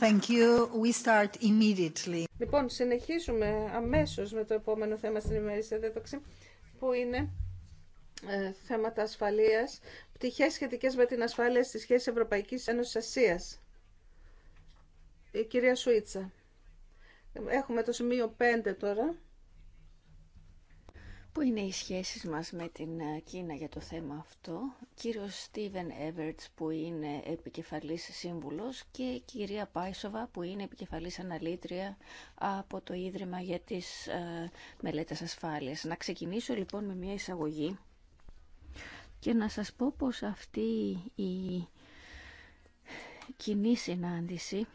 Thank you. We start immediately. Λοιπόν, συνεχίζουμε αμέσως με το επόμενο θέμα στην ημερήσια διάταξη, που είναι ε, θέματα ασφαλείας, πτυχές σχετικές με την ασφάλεια στις σχέσεις Ευρωπαϊκής Ένωσης Ασίας. Η κυρία Σουίτσα. Έχουμε το σημείο 5 τώρα. Πού είναι οι σχέσεις μας με την ε, Κίνα για το θέμα αυτό. Κύριος Στίβεν Εβερτς που είναι επικεφαλής σύμβουλος και κυρία Πάισοβα που είναι επικεφαλής αναλήτρια από το Ίδρυμα για τις ε, Μελέτες Ασφάλειας. Να ξεκινήσω λοιπόν με μια εισαγωγή και να σας πω πως αυτή η κοινή συνάντηση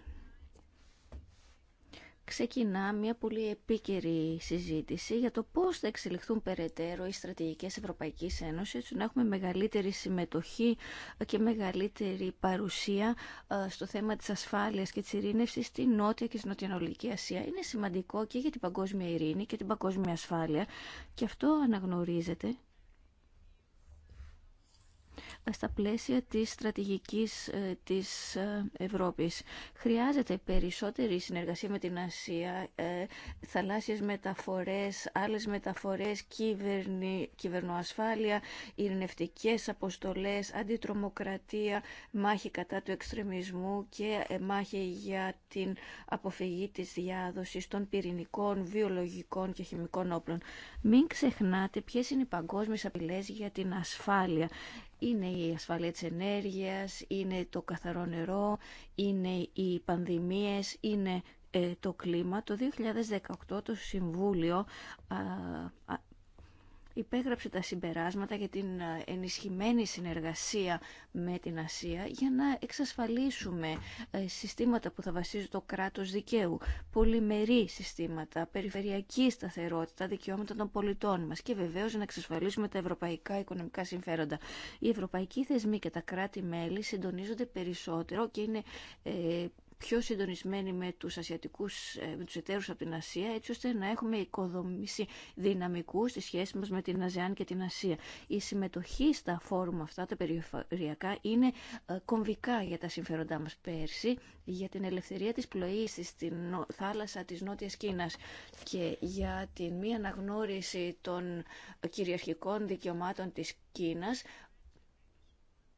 ξεκινά μια πολύ επίκαιρη συζήτηση για το πώς θα εξελιχθούν περαιτέρω οι στρατηγικές Ευρωπαϊκής Ένωσης, να έχουμε μεγαλύτερη συμμετοχή και μεγαλύτερη παρουσία ε, στο θέμα της ασφάλειας και της ειρήνευσης στη Νότια και στη Νοτιοανατολική Ασία. Είναι σημαντικό και για την παγκόσμια ειρήνη και την παγκόσμια ασφάλεια και αυτό αναγνωρίζεται στα πλαίσια της στρατηγικής ε, της ε, Ευρώπης. Χρειάζεται περισσότερη συνεργασία με την Ασία, ε, θαλάσσιες μεταφορές, άλλες μεταφορές, κυβερνη, κυβερνοασφάλεια, ειρηνευτικές αποστολές, αντιτρομοκρατία, μάχη κατά του εξτρεμισμού και μάχη για την αποφυγή της διάδοσης των πυρηνικών, βιολογικών και χημικών όπλων. Μην ξεχνάτε ποιες είναι οι παγκόσμιες απειλές για την ασφάλεια είναι η ασφαλεία της ενέργειας, είναι το καθαρό νερό, είναι οι πανδημίες, είναι ε, το κλίμα. Το 2018 το Συμβούλιο υπέγραψε τα συμπεράσματα για την ε, ενισχυμένη συνεργασία με την Ασία για να εξασφαλίσουμε ε, συστήματα που θα βασίζει το κράτος δικαίου, πολυμερή συστήματα, περιφερειακή σταθερότητα, δικαιώματα των πολιτών μας και βεβαίως να εξασφαλίσουμε τα ευρωπαϊκά οικονομικά συμφέροντα. Οι ευρωπαϊκοί θεσμοί και τα κράτη-μέλη συντονίζονται περισσότερο και είναι ε, πιο συντονισμένοι με τους ασιατικούς, ε, με τους εταίρους από την Ασία, έτσι ώστε να έχουμε οικοδομήσει δυναμικού στη σχέση μας με την Αζιάν και την Ασία. Η συμμετοχή στα φόρουμ αυτά, τα περιφερειακά, είναι ε, κομβικά για τα συμφέροντά μας πέρσι, για την ελευθερία της πλοήσης στην θάλασσα της Νότιας Κίνας και για την μη αναγνώριση των κυριαρχικών δικαιωμάτων της Κίνας,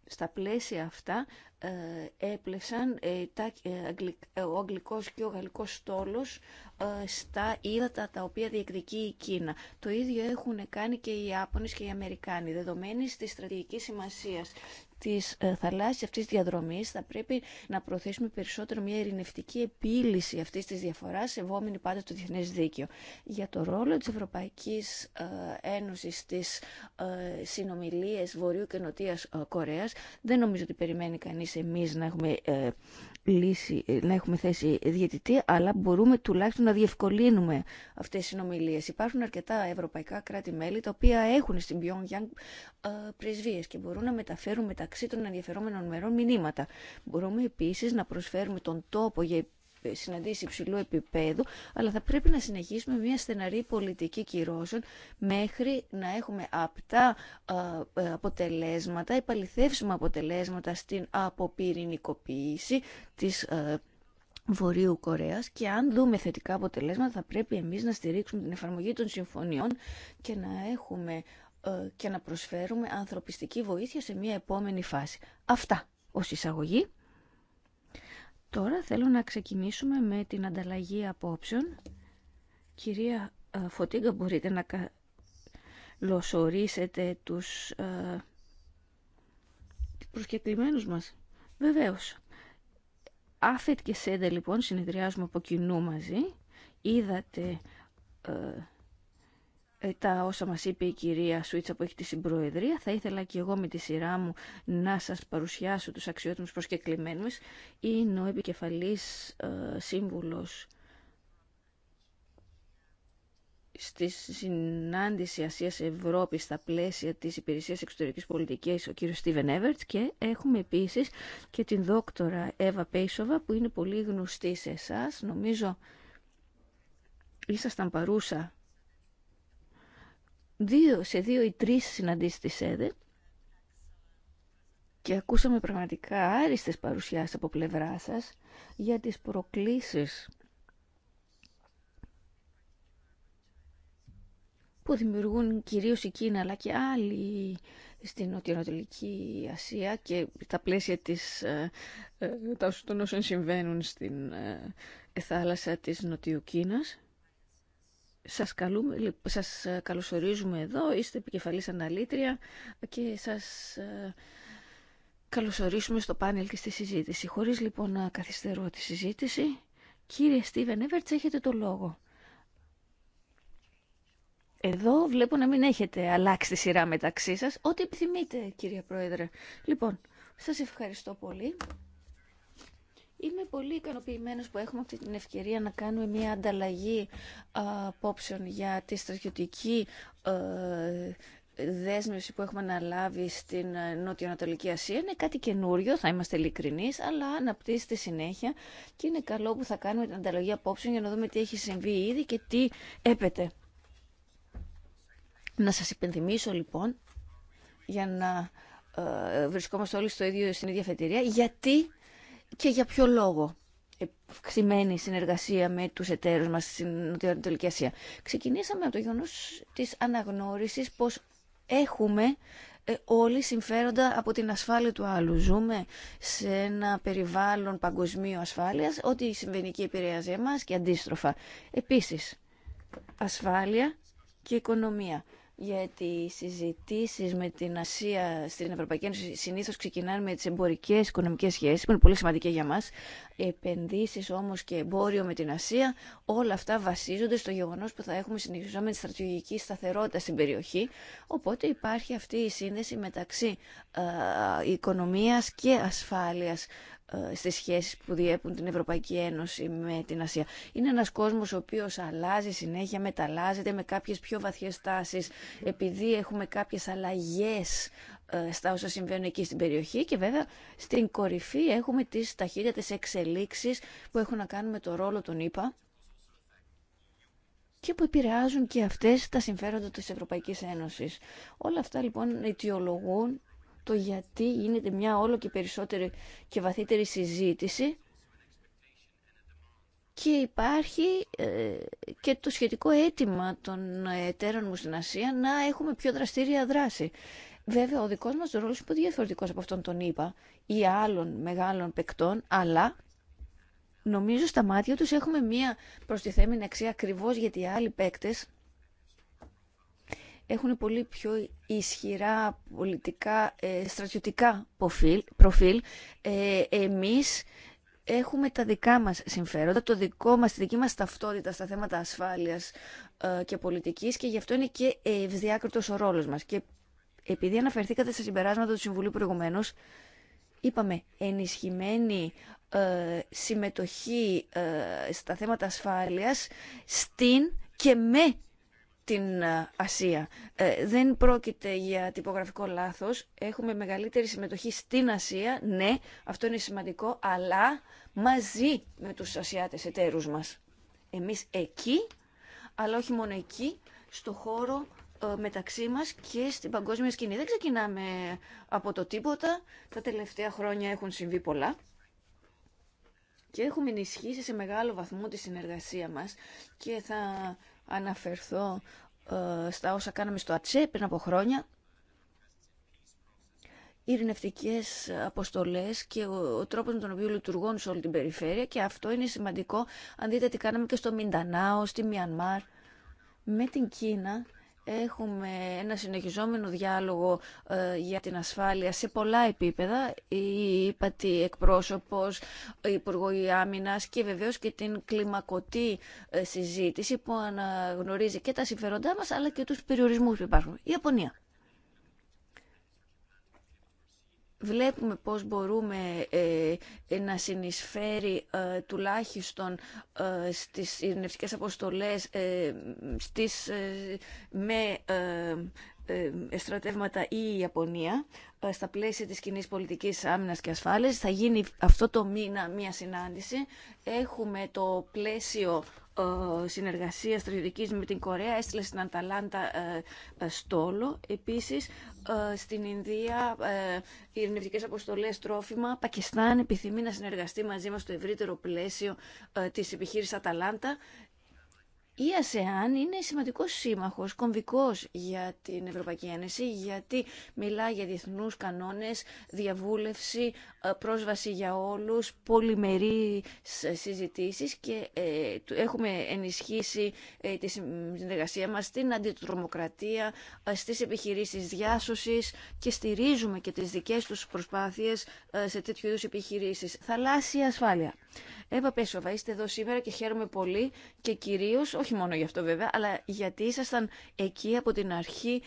στα πλαίσια αυτά ε, έπλεσαν ε, ε, ο Αγγλικός και ο Γαλλικός στόλος στα ύδατα τα οποία διεκδικεί η Κίνα. Το ίδιο έχουν κάνει και οι Ιάπωνες και οι Αμερικάνοι. Δεδομένης της στρατηγικής σημασίας της ε, αυτή τη διαδρομή θα πρέπει να προωθήσουμε περισσότερο μια ειρηνευτική επίλυση αυτής της διαφοράς σεβόμενη πάντα το διεθνέ δίκαιο. Για το ρόλο της Ευρωπαϊκής ε, Ένωσης στις ε, συνομιλίε Βορείου και Νοτίας Κορέα, δεν νομίζω ότι περιμένει κανεί, εμεί να έχουμε λύση, να έχουμε θέση διαιτητή, αλλά μπορούμε τουλάχιστον να διευκολύνουμε αυτέ τι συνομιλίε. υπαρχουν Υπάρχουν αρκετά ευρωπαϊκά κράτη-μέλη τα οποία έχουν στην Pyongyang πρεσβείε και μπορούν να μεταφέρουν μεταξύ των ενδιαφερόμενων μερών μηνύματα. Μπορούμε επίση να προσφέρουμε τον τόπο για συναντήσει υψηλού επίπεδου, αλλά θα πρέπει να συνεχίσουμε μια στεναρή πολιτική κυρώσεων μέχρι να έχουμε απτά ε, αποτελέσματα, επαληθεύσιμα αποτελέσματα στην αποπυρηνικοποίηση της ε, Βορείου Κορέας και αν δούμε θετικά αποτελέσματα θα πρέπει εμείς να στηρίξουμε την εφαρμογή των συμφωνιών και να έχουμε ε, και να προσφέρουμε ανθρωπιστική βοήθεια σε μια επόμενη φάση. Αυτά ως εισαγωγή. Τώρα θέλω να ξεκινήσουμε με την ανταλλαγή απόψεων. Κυρία ε, Φωτίγκα, μπορείτε να καλωσορίσετε ε, τους προσκεκλημένους μας. Βεβαίως. Άφετ και Σέντε λοιπόν συνεδριάζουμε από κοινού μαζί. Είδατε ε, τα όσα μας είπε η κυρία Σουίτσα που έχει τη συμπροεδρία. Θα ήθελα και εγώ με τη σειρά μου να σας παρουσιάσω τους αξιότιμους προσκεκλημένους. Είναι ο επικεφαλής ε, σύμβουλος στη συνάντηση Ασίας Ευρώπης στα πλαίσια της Υπηρεσίας Εξωτερικής Πολιτικής ο κύριος Στίβεν Έβερτς και έχουμε επίσης και την δόκτορα Εύα Πέισοβα που είναι πολύ γνωστή σε εσά. Νομίζω ήσασταν παρούσα δύο, σε δύο ή τρεις συναντήσεις της ΕΔΕ και ακούσαμε πραγματικά άριστες παρουσιάσεις από πλευρά σας για τις προκλήσεις που δημιουργούν κυρίως η Κίνα αλλά και άλλοι στην νοτιοανατολική Ασία και τα πλαίσια της, ε, ε, των όσων συμβαίνουν στην ε, θάλασσα της Νοτιοκίνας. Σας, καλούμε, σας ε, καλωσορίζουμε εδώ, είστε επικεφαλής αναλήτρια και σας ε, καλωσορίσουμε στο πάνελ και στη συζήτηση. Χωρίς λοιπόν να καθυστερώ τη συζήτηση, κύριε Στίβεν Εύερτς έχετε το λόγο. Εδώ βλέπω να μην έχετε αλλάξει τη σειρά μεταξύ σας. Ό,τι επιθυμείτε, κύριε Πρόεδρε. Λοιπόν, σας ευχαριστώ πολύ. Είμαι πολύ ικανοποιημένο που έχουμε αυτή την ευκαιρία να κάνουμε μια ανταλλαγή απόψεων για τη στρατιωτική ε, δέσμευση που έχουμε αναλάβει στην ε, Νότιο-Ανατολική Ασία είναι κάτι καινούριο, θα είμαστε ειλικρινεί, αλλά αναπτύσσεται συνέχεια και είναι καλό που θα κάνουμε την ανταλλαγή απόψεων για να δούμε τι έχει συμβεί ήδη και τι έπεται. Να σας υπενθυμίσω λοιπόν, για να ε, βρισκόμαστε όλοι στο ίδιο, στην ίδια φετηρία, γιατί και για ποιο λόγο αυξημένη ε, συνεργασία με τους εταίρους μας στην Νοτιοανατολική Ασία. Ξεκινήσαμε από το γεγονό της αναγνώρισης πως έχουμε ε, όλοι συμφέροντα από την ασφάλεια του άλλου. Ζούμε σε ένα περιβάλλον παγκοσμίου ασφάλειας, ό,τι συμβαίνει και επηρεάζει εμά και αντίστροφα. Επίσης, ασφάλεια και οικονομία γιατί οι συζητήσεις με την Ασία στην Ευρωπαϊκή Ένωση συνήθω ξεκινάνε με τις εμπορικές οικονομικέ σχέσεις που είναι πολύ σημαντικέ για μα, Επενδύσεις όμως και εμπόριο με την Ασία, όλα αυτά βασίζονται στο γεγονός που θα έχουμε συνεχιζόμενη στρατηγική σταθερότητα στην περιοχή. Οπότε υπάρχει αυτή η σύνδεση μεταξύ οικονομία οικονομίας και ασφάλεια. Ε, στις σχέσεις που διέπουν την Ευρωπαϊκή Ένωση με την Ασία. Είναι ένας κόσμος ο οποίος αλλάζει συνέχεια, μεταλλάζεται με κάποιες πιο βαθιές τάσεις επειδή έχουμε κάποιες αλλαγές ε, στα όσα συμβαίνουν εκεί στην περιοχή και βέβαια στην κορυφή έχουμε τις ταχύτητες εξελίξεις που έχουν να κάνουν με το ρόλο των ΗΠΑ και που επηρεάζουν και αυτές τα συμφέροντα της Ευρωπαϊκής Ένωσης. Όλα αυτά λοιπόν αιτιολογούν το γιατί γίνεται μια όλο και περισσότερη και βαθύτερη συζήτηση και υπάρχει ε, και το σχετικό αίτημα των εταίρων μου στην Ασία να έχουμε πιο δραστήρια δράση. Βέβαια, ο δικός μας ρόλος είναι πολύ διαφορετικός από αυτόν τον είπα ή άλλων μεγάλων παικτών, αλλά νομίζω στα μάτια τους έχουμε μία προστιθέμενη αξία ακριβώς γιατί οι άλλοι παίκτες έχουν πολύ πιο ισχυρά πολιτικά, ε, στρατιωτικά προφίλ. Ε, εμείς έχουμε τα δικά μας συμφέροντα, το δικό μας, τη δική μας ταυτότητα στα θέματα ασφάλειας ε, και πολιτικής και γι' αυτό είναι και ευδιάκριτος ο ρόλος μας. Και επειδή αναφερθήκατε στα συμπεράσματα του Συμβουλίου προηγουμένω, είπαμε ενισχυμένη συμμετοχή στα θέματα ασφάλειας στην και με την ε, Ασία. Ε, δεν πρόκειται για τυπογραφικό λάθος. Έχουμε μεγαλύτερη συμμετοχή στην Ασία, ναι, αυτό είναι σημαντικό, αλλά μαζί με τους Ασιάτες εταίρους μας. Εμείς εκεί, αλλά όχι μόνο εκεί, στο χώρο ε, μεταξύ μας και στην παγκόσμια σκηνή. Δεν ξεκινάμε από το τίποτα. Τα τελευταία χρόνια έχουν συμβεί πολλά και έχουμε ενισχύσει σε μεγάλο βαθμό τη συνεργασία μας και θα αναφερθώ ε, στα όσα κάναμε στο ΑΤΣΕ πριν από χρόνια, ειρηνευτικέ αποστολέ και ο, ο τρόπο με τον οποίο λειτουργούν σε όλη την περιφέρεια. Και αυτό είναι σημαντικό αν δείτε τι κάναμε και στο Μιντανάο, στη Μιανμάρ, με την Κίνα Έχουμε ένα συνεχιζόμενο διάλογο ε, για την ασφάλεια σε πολλά επίπεδα. Η ΥΠΑΤΗ εκπρόσωπος, η Υπουργό Άμυνας και βεβαίως και την κλιμακωτή ε, συζήτηση που αναγνωρίζει και τα συμφέροντά μας αλλά και τους περιορισμούς που υπάρχουν. Η Ιαπωνία. Βλέπουμε πώς μπορούμε ε, ε να συνεισφέρει ε, τουλάχιστον ε, στις ειρηνευτικές αποστολές ε, στις, με στρατεύματα ή η Ιαπωνία στα πλαίσια της κοινή πολιτικής άμυνας και ασφάλειας. Θα γίνει αυτό το μήνα μία συνάντηση. Έχουμε το πλαίσιο Συνεργασία στρατιωτική με την Κορέα, έστειλε στην Ανταλάντα ε, ε, στόλο. Επίσης, ε, στην Ινδία, οι ειρηνευτικέ αποστολές τρόφιμα. Πακιστάν επιθυμεί να συνεργαστεί μαζί μας στο ευρύτερο πλαίσιο της επιχείρηση Αταλάντα η ΑΣΕΑΝ είναι σημαντικός σύμμαχος, κομβικός για την Ευρωπαϊκή Ένωση, γιατί μιλά για διεθνούς κανόνες, διαβούλευση, ε, πρόσβαση για όλους, πολυμερείς συζητήσεις και ε, έχουμε ενισχύσει ε, τη συνεργασία μας στην αντιτρομοκρατία, στις επιχειρήσεις διάσωσης και στηρίζουμε και τις δικές τους προσπάθειες σε τέτοιου είδου επιχειρήσει. Θαλάσσια ασφάλεια. Εύα Πέσοβα, είστε εδώ σήμερα και χαίρομαι πολύ και κυρίως, όχι μόνο γι' αυτό βέβαια, αλλά γιατί ήσασταν εκεί από την αρχή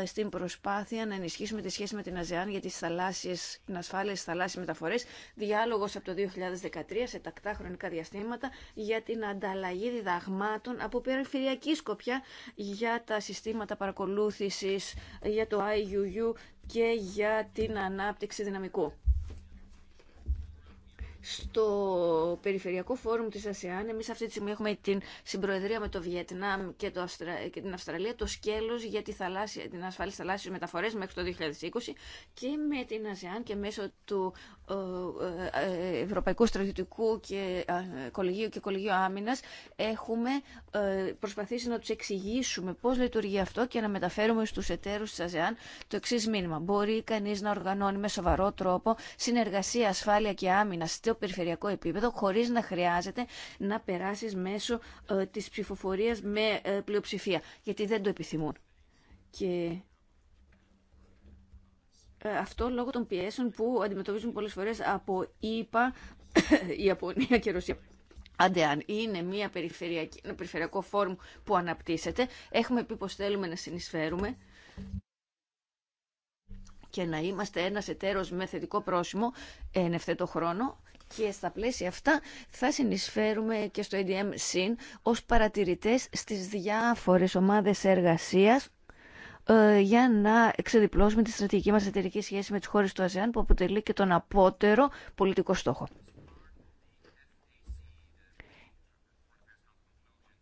ε, στην προσπάθεια να ενισχύσουμε τη σχέση με την ΑΖΕΑΝ για τις θαλάσσιες, την ασφάλεια στις θαλάσσιες μεταφορές, διάλογος από το 2013 σε τακτά χρονικά διαστήματα για την ανταλλαγή διδαγμάτων από περιφερειακή σκοπιά για τα συστήματα παρακολούθησης, για το IUU και για την ανάπτυξη δυναμικού στο Περιφερειακό Φόρουμ της ΑΣΕΑΝ. Εμείς αυτή τη στιγμή έχουμε την συμπροεδρία με το Βιετνάμ και, το και την Αυστραλία, το σκέλος για τη θαλάσσια, την ασφάλεια θαλάσσιες μεταφορές μέχρι το 2020 και με την ΑΣΕΑΝ και μέσω του ε, Ευρωπαϊκού Στρατιωτικού και ε, Κολεγίου και Κολεγίου Άμυνας έχουμε ε, προσπαθήσει να τους εξηγήσουμε πώς λειτουργεί αυτό και να μεταφέρουμε στους εταίρους της ΑΣΕΑΝ το εξή μήνυμα. Μπορεί κανείς να οργανώνει με σοβαρό τρόπο συνεργασία, ασφάλεια και άμυνα περιφερειακό επίπεδο χωρίς να χρειάζεται να περάσεις μέσω ε, της ψηφοφορίας με ε, πλειοψηφία, γιατί δεν το επιθυμούν. Και ε, αυτό λόγω των πιέσεων που αντιμετωπίζουν πολλές φορές από ΙΠΑ, Ιαπωνία και Ρωσία. Άντε είναι μια περιφερειακή, ένα περιφερειακό φόρουμ που αναπτύσσεται, έχουμε πει πως θέλουμε να συνεισφέρουμε και να είμαστε ένας εταίρος με θετικό πρόσημο εν ευθέτω χρόνο και στα πλαίσια αυτά θα συνεισφέρουμε και στο EDM SYN ως παρατηρητές στις διάφορες ομάδες εργασίας ε, για να εξεδιπλώσουμε τη στρατηγική μας εταιρική σχέση με τις χώρες του ΑΣΕΑΝ που αποτελεί και τον απότερο πολιτικό στόχο.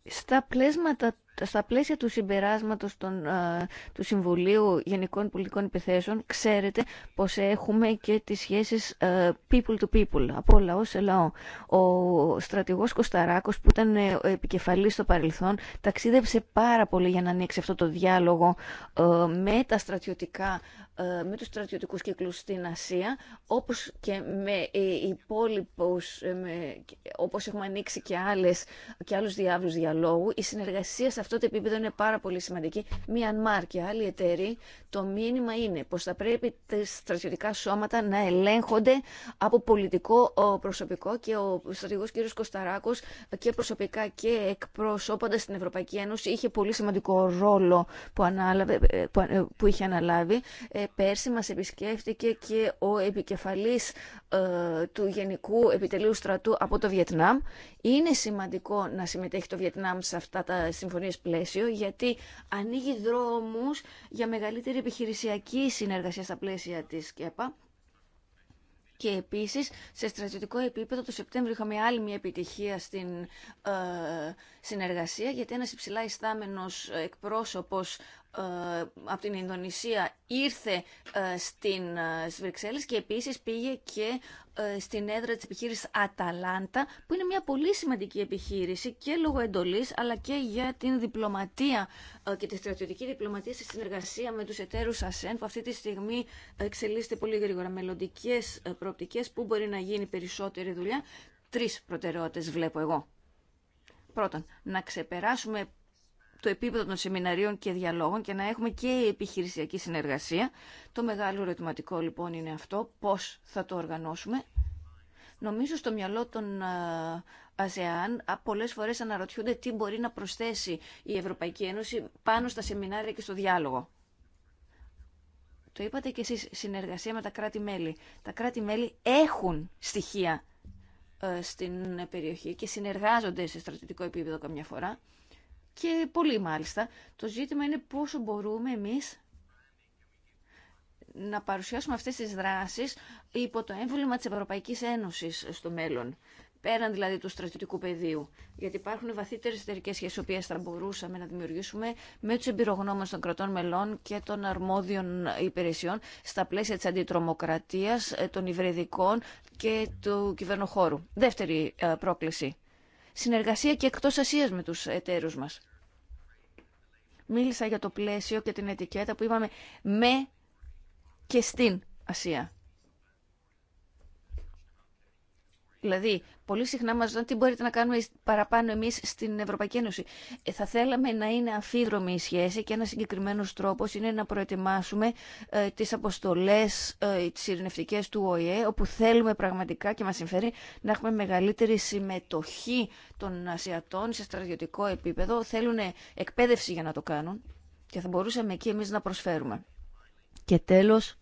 Στα πλέσματα στα πλαίσια του συμπεράσματος των, ε, του Συμβουλίου Γενικών Πολιτικών Επιθέσεων ξέρετε πως έχουμε και τις σχέσεις ε, people to people, από λαό σε λαό. Ο στρατηγός Κωνσταράκος που ήταν ε, επικεφαλής στο παρελθόν ταξίδευσε πάρα πολύ για να ανοίξει αυτό το διάλογο με τα στρατιωτικά ε, με τους στρατιωτικούς κύκλους στην Ασία, όπως και με ε, υπόλοιπους, ε, με, όπως έχουμε ανοίξει και, άλλες, και άλλους διάβλους διαλόγου, η συνεργασία σε αυτό το επίπεδο είναι πάρα πολύ σημαντική. Μαρ και άλλοι εταίροι, το μήνυμα είναι πως θα πρέπει τα στρατιωτικά σώματα να ελέγχονται από πολιτικό προσωπικό και ο στρατηγός κ. Κωσταράκος και προσωπικά και εκπροσώποντας την Ευρωπαϊκή Ένωση είχε πολύ σημαντικό ρόλο που, ανάλαβε, που, που είχε αναλάβει πέρσι μας επισκέφτηκε και ο επικεφαλής ε, του Γενικού Επιτελείου Στρατού από το Βιετνάμ. Είναι σημαντικό να συμμετέχει το Βιετνάμ σε αυτά τα συμφωνίες πλαίσιο γιατί ανοίγει δρόμους για μεγαλύτερη επιχειρησιακή συνεργασία στα πλαίσια της ΚΕΠΑ. Και επίσης, σε στρατιωτικό επίπεδο, το Σεπτέμβριο είχαμε άλλη μια επιτυχία στην ε, συνεργασία, γιατί ένας υψηλά ιστάμενος εκπρόσωπος, ε, από την Ινδονησία ήρθε ε, στην, ε, στις Βρυξέλλες και επίσης πήγε και στην έδρα της επιχείρησης Αταλάντα που είναι μια πολύ σημαντική επιχείρηση και λόγω εντολής αλλά και για την διπλωματία και τη στρατιωτική διπλωματία στη συνεργασία με τους εταίρους ΑΣΕΝ που αυτή τη στιγμή εξελίσσεται πολύ γρήγορα μελλοντικέ προοπτικές που μπορεί να γίνει περισσότερη δουλειά. Τρεις προτεραιότητες βλέπω εγώ. Πρώτον, να ξεπεράσουμε το επίπεδο των σεμιναρίων και διαλόγων και να έχουμε και η επιχειρησιακή συνεργασία. Το μεγάλο ερωτηματικό λοιπόν είναι αυτό, πώς θα το οργανώσουμε. Νομίζω στο μυαλό των ε, Αζεάν πολλές φορές αναρωτιούνται τι μπορεί να προσθέσει η Ευρωπαϊκή Ένωση πάνω στα σεμινάρια και στο διάλογο. Το είπατε και εσείς, συνεργασία με τα κράτη-μέλη. Τα κράτη-μέλη έχουν στοιχεία ε, στην περιοχή και συνεργάζονται σε στρατητικό επίπεδο καμιά φορά και πολύ μάλιστα. Το ζήτημα είναι πόσο μπορούμε εμείς να παρουσιάσουμε αυτές τις δράσεις υπό το έμβλημα της Ευρωπαϊκής Ένωσης στο μέλλον. Πέραν δηλαδή του στρατιωτικού πεδίου. Γιατί υπάρχουν βαθύτερε εταιρικέ σχέσει, οποίε θα μπορούσαμε να δημιουργήσουμε με του εμπειρογνώμονε των κρατών μελών και των αρμόδιων υπηρεσιών στα πλαίσια τη αντιτρομοκρατία, ε, των υβρεδικών και του κυβερνοχώρου. Δεύτερη ε, πρόκληση συνεργασία και εκτός Ασίας με τους εταίρους μας. Μίλησα για το πλαίσιο και την ετικέτα που είπαμε με και στην Ασία. Δηλαδή, πολύ συχνά μας ρωτάνε τι μπορείτε να κάνουμε παραπάνω εμεί στην Ευρωπαϊκή Ένωση. Ε, θα θέλαμε να είναι αφίδρομη η σχέση και ένα συγκεκριμένο τρόπο είναι να προετοιμάσουμε ε, τις αποστολές, ε, του ΟΗΕ, όπου θέλουμε πραγματικά και μα συμφέρει να έχουμε μεγαλύτερη συμμετοχή των Ασιατών σε στρατιωτικό επίπεδο. Θέλουν εκπαίδευση για να το κάνουν και θα μπορούσαμε εκεί εμεί να προσφέρουμε. Και τέλος,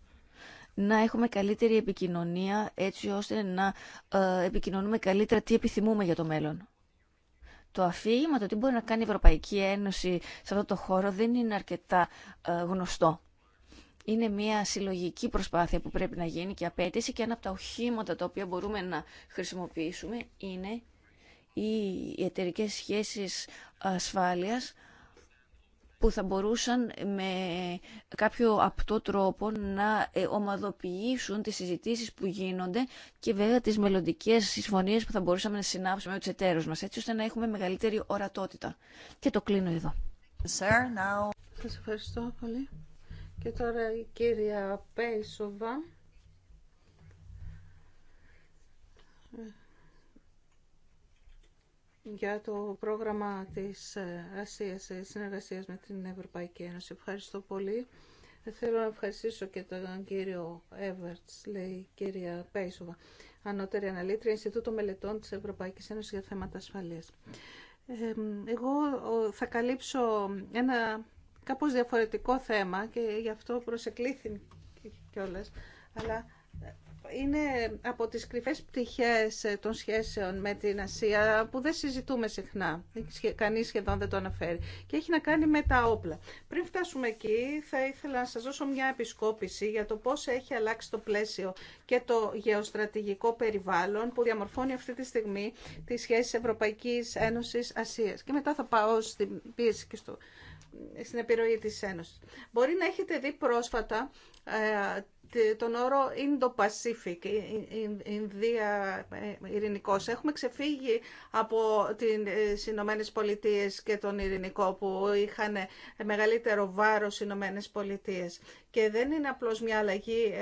να έχουμε καλύτερη επικοινωνία έτσι ώστε να ε, επικοινωνούμε καλύτερα τι επιθυμούμε για το μέλλον. Το αφήγημα, το τι μπορεί να κάνει η Ευρωπαϊκή Ένωση σε αυτό το χώρο δεν είναι αρκετά ε, γνωστό. Είναι μια συλλογική προσπάθεια που πρέπει να γίνει και απέτηση και ένα από τα οχήματα τα οποία μπορούμε να χρησιμοποιήσουμε είναι οι εταιρικές σχέσεις ασφάλειας που θα μπορούσαν με κάποιο απτό τρόπο να ε, ομαδοποιήσουν τις συζητήσεις που γίνονται και βέβαια τις μελλοντικέ συμφωνίε που θα μπορούσαμε να συνάψουμε με τους εταίρους μας, έτσι ώστε να έχουμε μεγαλύτερη ορατότητα. Και το κλείνω εδώ. Sir, now... Σας ευχαριστώ πολύ. Και τώρα η κυρία Πέισοβα. Ε, για το πρόγραμμα της ε, Ασίας, ε, συνεργασίας με την Ευρωπαϊκή Ένωση. Ευχαριστώ πολύ. Θέλω να ευχαριστήσω και τον κύριο Εύερτς, λέει η κυρία Πέισοβα, ανώτερη αναλύτρια Ινστιτούτου Μελετών της Ευρωπαϊκής Ένωσης για θέματα ασφαλείας. εγώ θα καλύψω ένα κάπως διαφορετικό θέμα και γι' αυτό προσεκλήθη κιόλας, αλλά είναι από τις κρυφές πτυχές ε, των σχέσεων με την Ασία που δεν συζητούμε συχνά. Κανείς σχεδόν δεν το αναφέρει. Και έχει να κάνει με τα όπλα. Πριν φτάσουμε εκεί θα ήθελα να σας δώσω μια επισκόπηση για το πώς έχει αλλάξει το πλαίσιο και το γεωστρατηγικό περιβάλλον που διαμορφώνει αυτή τη στιγμή τις σχέσεις Ευρωπαϊκής Ένωσης Ασίας. Και μετά θα πάω στην πίεση και στο στην επιρροή της Ένωσης. Μπορεί να έχετε δει πρόσφατα ε, τον όρο Indo-Pacific, Ινδία ε, Ειρηνικός. Έχουμε ξεφύγει από ε, τις Ηνωμένε Πολιτείε και τον Ειρηνικό που είχαν μεγαλύτερο βάρος οι Ηνωμένε Πολιτείε. Και δεν είναι απλώς μια αλλαγή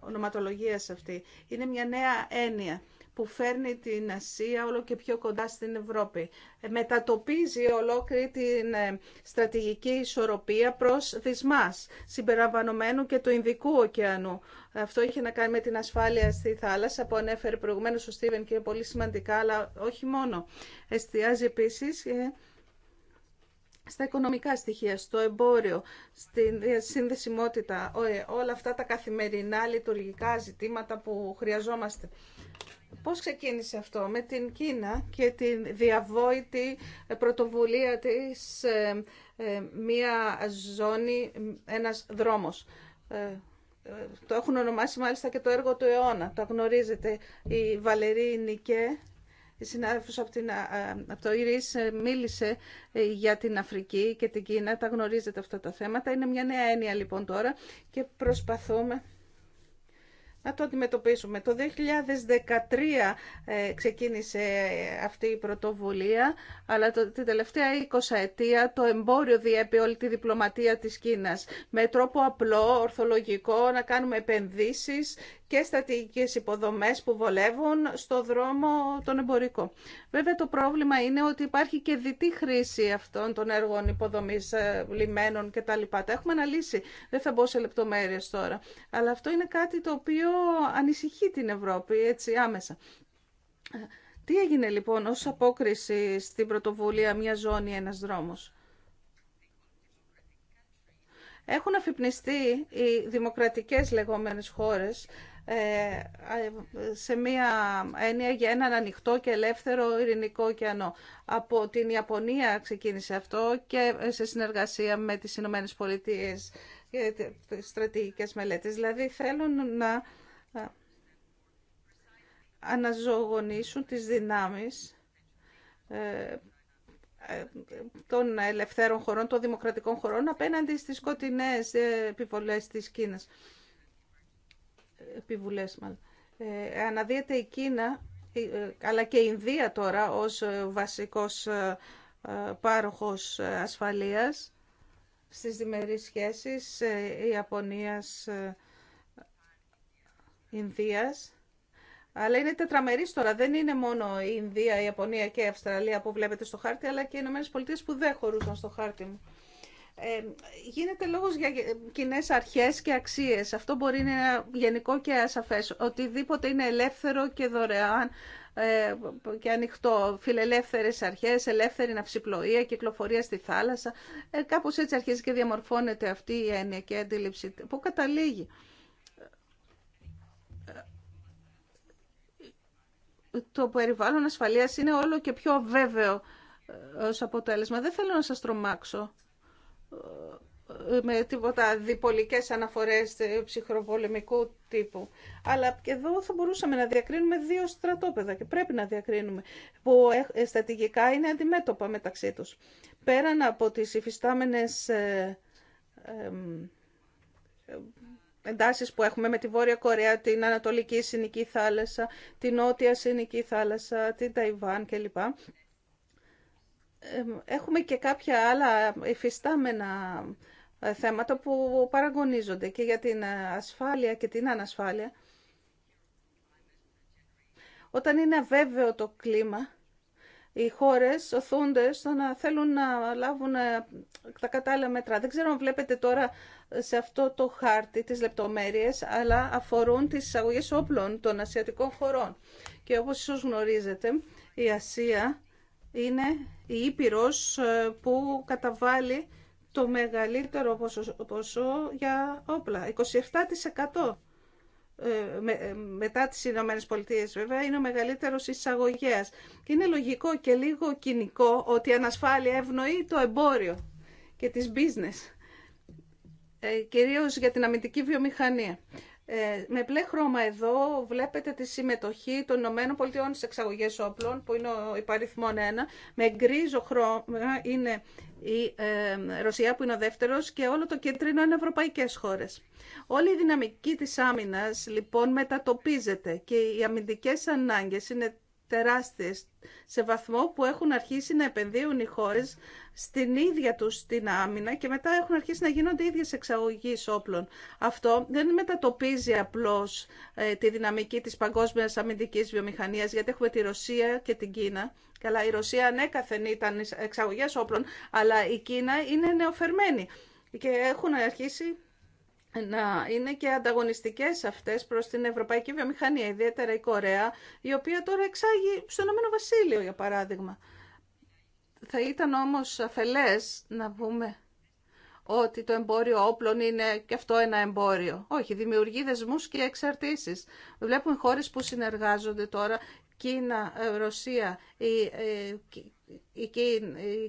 ονοματολογίας αυτή. Είναι μια νέα έννοια που φέρνει την Ασία όλο και πιο κοντά στην Ευρώπη. Ε, μετατοπίζει ολόκληρη την ε, στρατηγική ισορροπία προς δυσμάς, συμπεριλαμβανομένου και του Ινδικού ωκεανού. Αυτό είχε να κάνει με την ασφάλεια στη θάλασσα που ανέφερε προηγουμένως ο Στίβεν και είναι πολύ σημαντικά, αλλά όχι μόνο. Εστιάζει επίσης ε, στα οικονομικά στοιχεία, στο εμπόριο, στη συνδεσιμότητα, όλα αυτά τα καθημερινά λειτουργικά ζητήματα που χρειαζόμαστε. Πώς ξεκίνησε αυτό με την Κίνα και την διαβόητη πρωτοβουλία της ε, ε, μία ζώνη, ένας δρόμος. Ε, το έχουν ονομάσει μάλιστα και το έργο του αιώνα. Το γνωρίζετε η Βαλερή Νικέ, η συνάδελφος από, την, από το ΙΡΙΣ μίλησε για την Αφρική και την Κίνα. Τα γνωρίζετε αυτά τα θέματα. Είναι μια νέα έννοια λοιπόν τώρα και προσπαθούμε να το αντιμετωπίσουμε. Το 2013 ε, ξεκίνησε αυτή η πρωτοβουλία, αλλά το, την τελευταία 20 ετία το εμπόριο διέπει όλη τη διπλωματία της Κίνας. Με τρόπο απλό, ορθολογικό, να κάνουμε επενδύσεις και στατικές υποδομές που βολεύουν στο δρόμο τον εμπορικό. Βέβαια το πρόβλημα είναι ότι υπάρχει και διτή χρήση αυτών των έργων υποδομής ε, λιμένων κτλ. τα έχουμε αναλύσει, δεν θα μπω σε λεπτομέρειες τώρα. Αλλά αυτό είναι κάτι το οποίο ανησυχεί την Ευρώπη έτσι άμεσα. Ε, τι έγινε λοιπόν ως απόκριση στην πρωτοβουλία «Μια ζώνη, ένας δρόμος» έχουν αφυπνιστεί οι δημοκρατικές λεγόμενες χώρες ε, ε, σε μία έννοια για έναν ανοιχτό και ελεύθερο ειρηνικό ωκεανό. Από την Ιαπωνία ξεκίνησε αυτό και σε συνεργασία με τις Ηνωμένες Πολιτείες και στρατηγικές μελέτες. Δηλαδή θέλουν να ε, αναζωογονήσουν τις δυνάμεις των ελευθέρων χωρών, των δημοκρατικών χωρών απέναντι στις σκοτεινές επιβολές της Κίνας επιβουλές ε, αναδύεται η Κίνα, ε, αλλά και η Ινδία τώρα ως ε, βασικός πάροχος ασφαλείας στις διμερείς σχέσεις Ιαπωνίας Ινδίας. Αλλά είναι τετραμερής τώρα. Δεν είναι μόνο η Ινδία, η Ιαπωνία και η Αυστραλία που βλέπετε στο χάρτη, αλλά και οι Ηνωμένες Πολιτείες που δεν χωρούσαν στο χάρτη μου. Ε, γίνεται λόγος για κοινέ αρχές και αξίες. Αυτό μπορεί να είναι γενικό και ασαφές. Οτιδήποτε είναι ελεύθερο και δωρεάν ε, και ανοιχτό. Φιλελεύθερες αρχές, ελεύθερη ναυσιπλοεία, κυκλοφορία στη θάλασσα. Ε, κάπως έτσι αρχίζει και διαμορφώνεται αυτή η έννοια και η αντίληψη. Πού καταλήγει. Το περιβάλλον ασφαλείας είναι όλο και πιο βέβαιο ε, ως αποτέλεσμα. Δεν θέλω να σας τρομάξω. Ε, με τίποτα διπολικές αναφορές ε, ψυχροπολεμικού τύπου. Αλλά και εδώ θα μπορούσαμε να διακρίνουμε δύο στρατόπεδα και πρέπει να διακρίνουμε που ε, στατηγικά είναι αντιμέτωπα μεταξύ τους. Πέραν από τις υφιστάμενες εντάσεις που έχουμε με τη Βόρεια Κορέα, την Ανατολική Συνική Θάλασσα, την Νότια Συνική Θάλασσα, την Ταϊβάν κλπ έχουμε και κάποια άλλα υφιστάμενα ε, θέματα που παραγωνίζονται και για την ε, ασφάλεια και την ανασφάλεια. Όταν είναι αβέβαιο το κλίμα, οι χώρες οθούνται στο να θέλουν να λάβουν ε, τα κατάλληλα μέτρα. Δεν ξέρω αν βλέπετε τώρα σε αυτό το χάρτη τις λεπτομέρειες, αλλά αφορούν τις εισαγωγές όπλων των ασιατικών χωρών. Και όπως ίσως γνωρίζετε, η Ασία είναι η Ήπειρος ε, που καταβάλει το μεγαλύτερο ποσό για όπλα, 27%. Ε, ε, μετά τις Ηνωμένε Πολιτείε βέβαια είναι ο μεγαλύτερος εισαγωγέας και είναι λογικό και λίγο κοινικό ότι η ανασφάλεια ευνοεί το εμπόριο και τις business κυρίως για την αμυντική βιομηχανία ε, με μπλε χρώμα εδώ βλέπετε τη συμμετοχή των Ηνωμένων Πολιτειών στις εξαγωγές όπλων, που είναι ο υπαριθμόν ένα. Με γκρίζο χρώμα είναι η ε, Ρωσία που είναι ο δεύτερος και όλο το κίτρινο είναι ευρωπαϊκές χώρες. Όλη η δυναμική της άμυνας λοιπόν μετατοπίζεται και οι αμυντικές ανάγκες είναι τεράστιες σε βαθμό που έχουν αρχίσει να επενδύουν οι χώρες στην ίδια τους την άμυνα και μετά έχουν αρχίσει να γίνονται ίδιες εξαγωγής όπλων. Αυτό δεν μετατοπίζει απλώς ε, τη δυναμική της παγκόσμιας αμυντικής βιομηχανίας γιατί έχουμε τη Ρωσία και την Κίνα. Καλά, η Ρωσία ανέκαθεν ναι, ήταν εξαγωγές όπλων, αλλά η Κίνα είναι νεοφερμένη και έχουν αρχίσει να είναι και ανταγωνιστικές αυτές προς την ευρωπαϊκή βιομηχανία, ιδιαίτερα η Κορέα, η οποία τώρα εξάγει στο Ηνωμένο Βασίλειο, για παράδειγμα. Θα ήταν όμως αφελές να πούμε ότι το εμπόριο όπλων είναι και αυτό ένα εμπόριο. Όχι, δημιουργεί δεσμούς και εξαρτήσεις. Βλέπουμε χώρες που συνεργάζονται τώρα Κίνα, ε, Ρωσία, ε, η,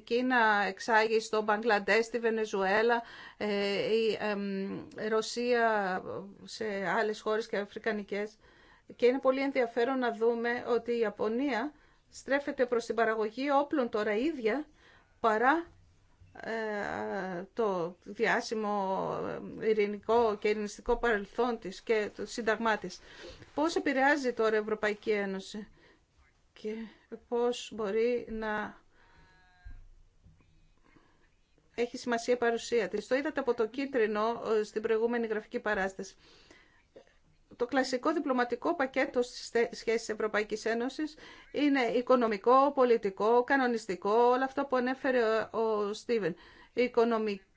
Κίνα εξάγει στο Μπαγκλαντές, στη Βενεζουέλα, ε, η Ρωσία σε άλλες χώρες και αφρικανικές. Και είναι πολύ ενδιαφέρον να δούμε ότι η Ιαπωνία στρέφεται προς την παραγωγή όπλων τώρα ίδια παρά το διάσημο ειρηνικό και ειρηνιστικό παρελθόν της και το σύνταγμά της. Πώς επηρεάζει τώρα η Ευρωπαϊκή Ένωση και πώς μπορεί να έχει σημασία η παρουσία της. Το είδατε από το κίτρινο ε, στην προηγούμενη γραφική παράσταση. Το κλασικό διπλωματικό πακέτο στις σχέσεις Ευρωπαϊκής Ένωσης είναι οικονομικό, πολιτικό, κανονιστικό, όλα αυτά που ανέφερε ο Στίβεν. οικονομική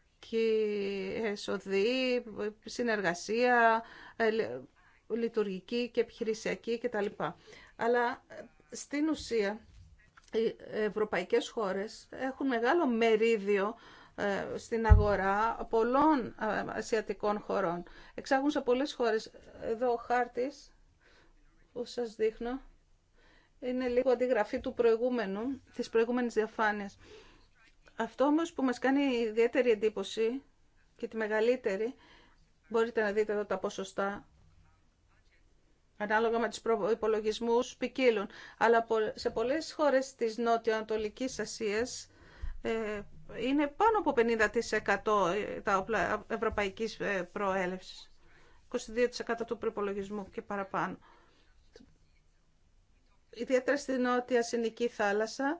εσοδή, συνεργασία, ε, λειτουργική και επιχειρησιακή κτλ. Αλλά στην ουσία οι ευρωπαϊκές χώρες έχουν μεγάλο μερίδιο ε, στην αγορά πολλών ε, ασιατικών χωρών. Εξάγουν σε πολλές χώρες. Εδώ ο χάρτης που σας δείχνω είναι λίγο αντιγραφή του προηγούμενου, της προηγούμενης διαφάνειας. Αυτό όμως που μας κάνει ιδιαίτερη εντύπωση και τη μεγαλύτερη, μπορείτε να δείτε εδώ τα ποσοστά ανάλογα με τους υπολογισμούς ποικίλουν. Αλλά σε πολλές χώρες της Νότιο-Ανατολικής Ασίας ε, είναι πάνω από 50% ε, τα όπλα ευρωπαϊκής ε, προέλευσης. 22% του προπολογισμού και παραπάνω. Ιδιαίτερα στη Νότια Συνική Θάλασσα,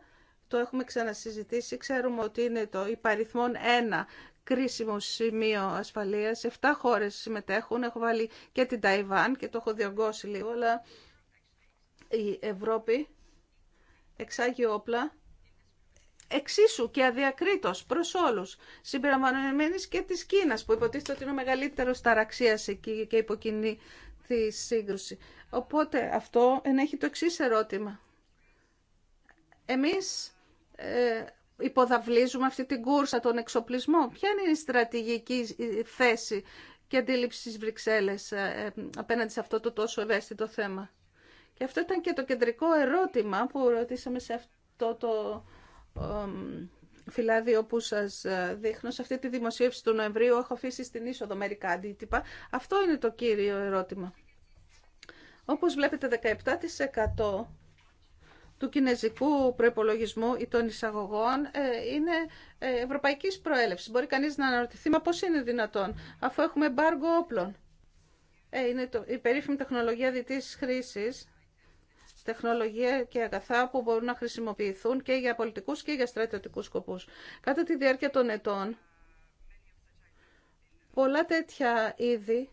το έχουμε ξανασυζητήσει, ξέρουμε ότι είναι το υπαριθμόν ένα κρίσιμο σημείο ασφαλείας. Εφτά χώρες συμμετέχουν, έχω βάλει και την Ταϊβάν και το έχω διωγγώσει λίγο, αλλά η Ευρώπη εξάγει όπλα εξίσου και αδιακρίτως προς όλους, συμπεριλαμβανομένης και της Κίνας, που υποτίθεται ότι είναι ο μεγαλύτερος ταραξίας εκεί και υποκινεί τη σύγκρουση. Οπότε αυτό ενέχει το εξής ερώτημα. Εμείς ε, υποδαβλίζουμε αυτή την κούρσα, τον εξοπλισμό. Ποια είναι η στρατηγική θέση και αντίληψη στις Βρυξέλλες ε, ε, απέναντι σε αυτό το τόσο ευαίσθητο θέμα. Και αυτό ήταν και το κεντρικό ερώτημα που ρωτήσαμε σε αυτό το φυλάδιο που σας ε, δείχνω. Σε αυτή τη δημοσίευση του Νοεμβρίου έχω αφήσει στην είσοδο μερικά αντίτυπα. Αυτό είναι το κύριο ερώτημα. Όπως βλέπετε 17% του κινέζικου προπολογισμού ή των εισαγωγών ε, είναι ε, ευρωπαϊκής προέλευσης. Μπορεί κανείς να αναρωτηθεί, μα πώς είναι δυνατόν, αφού έχουμε μπαργκο όπλων. Ε, είναι το, η περίφημη τεχνολογία διτής χρήσης, τεχνολογία και αγαθά που μπορούν να χρησιμοποιηθούν και για πολιτικούς και για στρατιωτικούς σκοπούς. Κατά τη διάρκεια των ετών, πολλά τέτοια είδη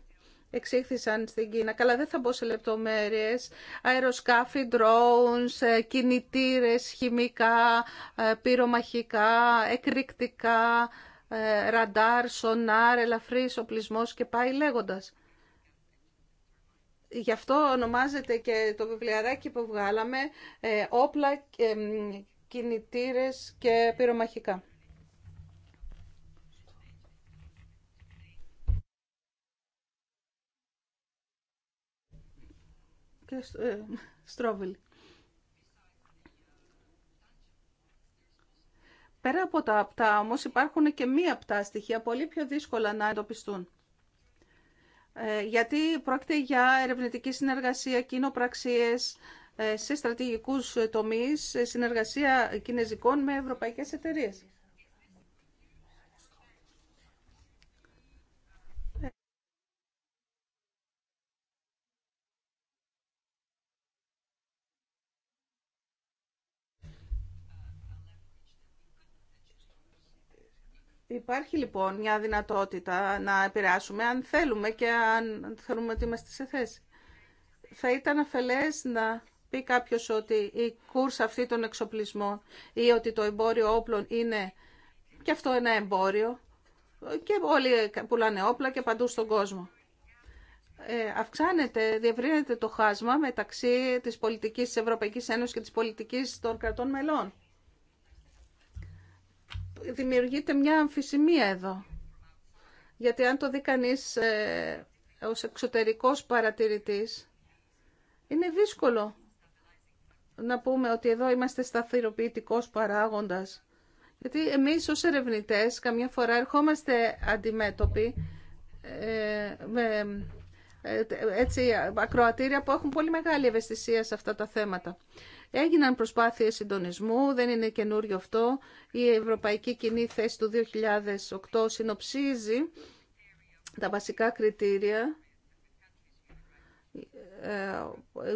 εξήχθησαν στην Κίνα. Καλά, δεν θα μπω σε λεπτομέρειες. Αεροσκάφη, drones, ε, κινητήρες, χημικά, ε, πυρομαχικά, εκρηκτικά, ε, ραντάρ, σονάρ, ελαφρύς οπλισμός και πάει λέγοντας. Γι' αυτό ονομάζεται και το βιβλιαράκι που βγάλαμε όπλα, κινητήρες και πυρομαχικά. Ε, Πέρα από τα απτά όμως υπάρχουν και μία απτά στοιχεία πολύ πιο δύσκολα να εντοπιστούν. Ε, γιατί πρόκειται για ερευνητική συνεργασία, κοινοπραξίες, ε, σε στρατηγικούς τομείς, συνεργασία κινέζικων με ευρωπαϊκές εταιρείες. Υπάρχει λοιπόν μια δυνατότητα να επηρεάσουμε αν θέλουμε και αν θέλουμε ότι είμαστε σε θέση. Θα ήταν αφελές να πει κάποιος ότι η κούρσα αυτή των εξοπλισμών ή ότι το εμπόριο όπλων είναι και αυτό ένα εμπόριο και όλοι πουλάνε όπλα και παντού στον κόσμο. Ε, αυξάνεται, διευρύνεται το χάσμα μεταξύ της πολιτικής της Ευρωπαϊκής Ένωσης και της πολιτικής των κρατών μελών δημιουργείται μια αμφισημία εδώ. Γιατί αν το δει κανεί ε, ως εξωτερικός παρατηρητής, είναι δύσκολο να πούμε ότι εδώ είμαστε σταθεροποιητικός παράγοντας. Γιατί εμείς ως ερευνητές καμιά φορά ερχόμαστε αντιμέτωποι ε, με ε, έτσι, ακροατήρια που έχουν πολύ μεγάλη ευαισθησία σε αυτά τα θέματα. Έγιναν προσπάθειες συντονισμού, δεν είναι καινούριο αυτό. Η Ευρωπαϊκή Κοινή Θέση του 2008 συνοψίζει τα βασικά κριτήρια ε,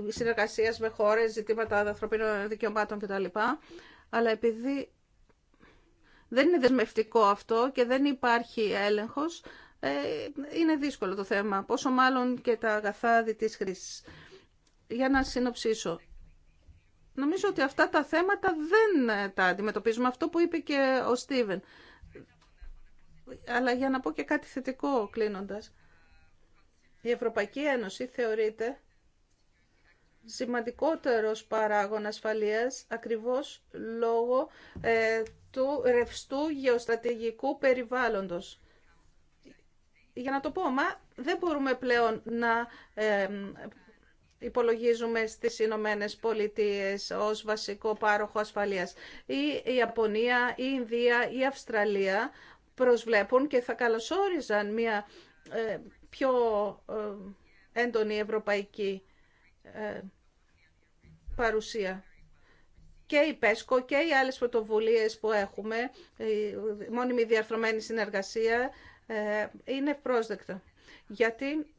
συνεργασίας με χώρες, ζητήματα ανθρωπίνων δικαιωμάτων κτλ. Αλλά επειδή δεν είναι δεσμευτικό αυτό και δεν υπάρχει έλεγχος, ε, είναι δύσκολο το θέμα, πόσο μάλλον και τα αγαθάδη της χρήσης. Για να συνοψίσω, Νομίζω ότι αυτά τα θέματα δεν ε, τα αντιμετωπίζουμε. Αυτό που είπε και ο Στίβεν. Αλλά για να πω και κάτι θετικό κλείνοντας. Η Ευρωπαϊκή Ένωση θεωρείται σημαντικότερος παράγων ασφαλείας ακριβώς λόγω ε, του ρευστού γεωστρατηγικού περιβάλλοντος. Για να το πω, μα δεν μπορούμε πλέον να ε, υπολογίζουμε στις Ηνωμένε Πολιτείε ως βασικό πάροχο ασφαλείας. Η Ιαπωνία, η Ινδία, η Αυστραλία προσβλέπουν και θα καλωσόριζαν μια ε, πιο ε, έντονη ευρωπαϊκή ε, παρουσία. Και η ΠΕΣΚΟ και οι άλλες πρωτοβουλίε που έχουμε, η μόνιμη διαρθρωμένη συνεργασία, είναι πρόσδεκτα. Γιατί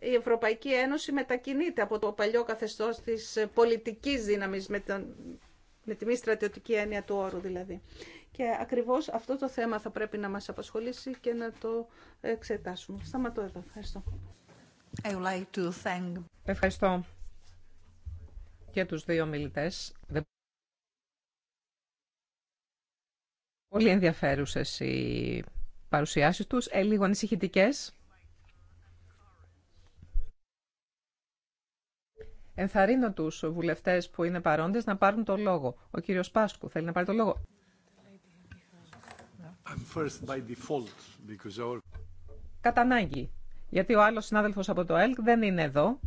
η Ευρωπαϊκή Ένωση μετακινείται από το παλιό καθεστώς της πολιτικής δύναμης με, τον, τη μη στρατιωτική έννοια του όρου δηλαδή. Και ακριβώς αυτό το θέμα θα πρέπει να μας απασχολήσει και να το εξετάσουμε. Σταματώ εδώ. Ευχαριστώ. I would like to thank... Ευχαριστώ και τους δύο μιλητές. Πολύ ενδιαφέρουσες οι παρουσιάσεις τους, ε, λίγο ανησυχητικές. ενθαρρύνω του βουλευτέ που είναι παρόντε να πάρουν το λόγο. Ο κύριο Πάσκου θέλει να πάρει το λόγο. Κατανάγκη. Κατά ανάγκη. Γιατί ο άλλος συνάδελφο από το ΕΛΚ δεν είναι εδώ.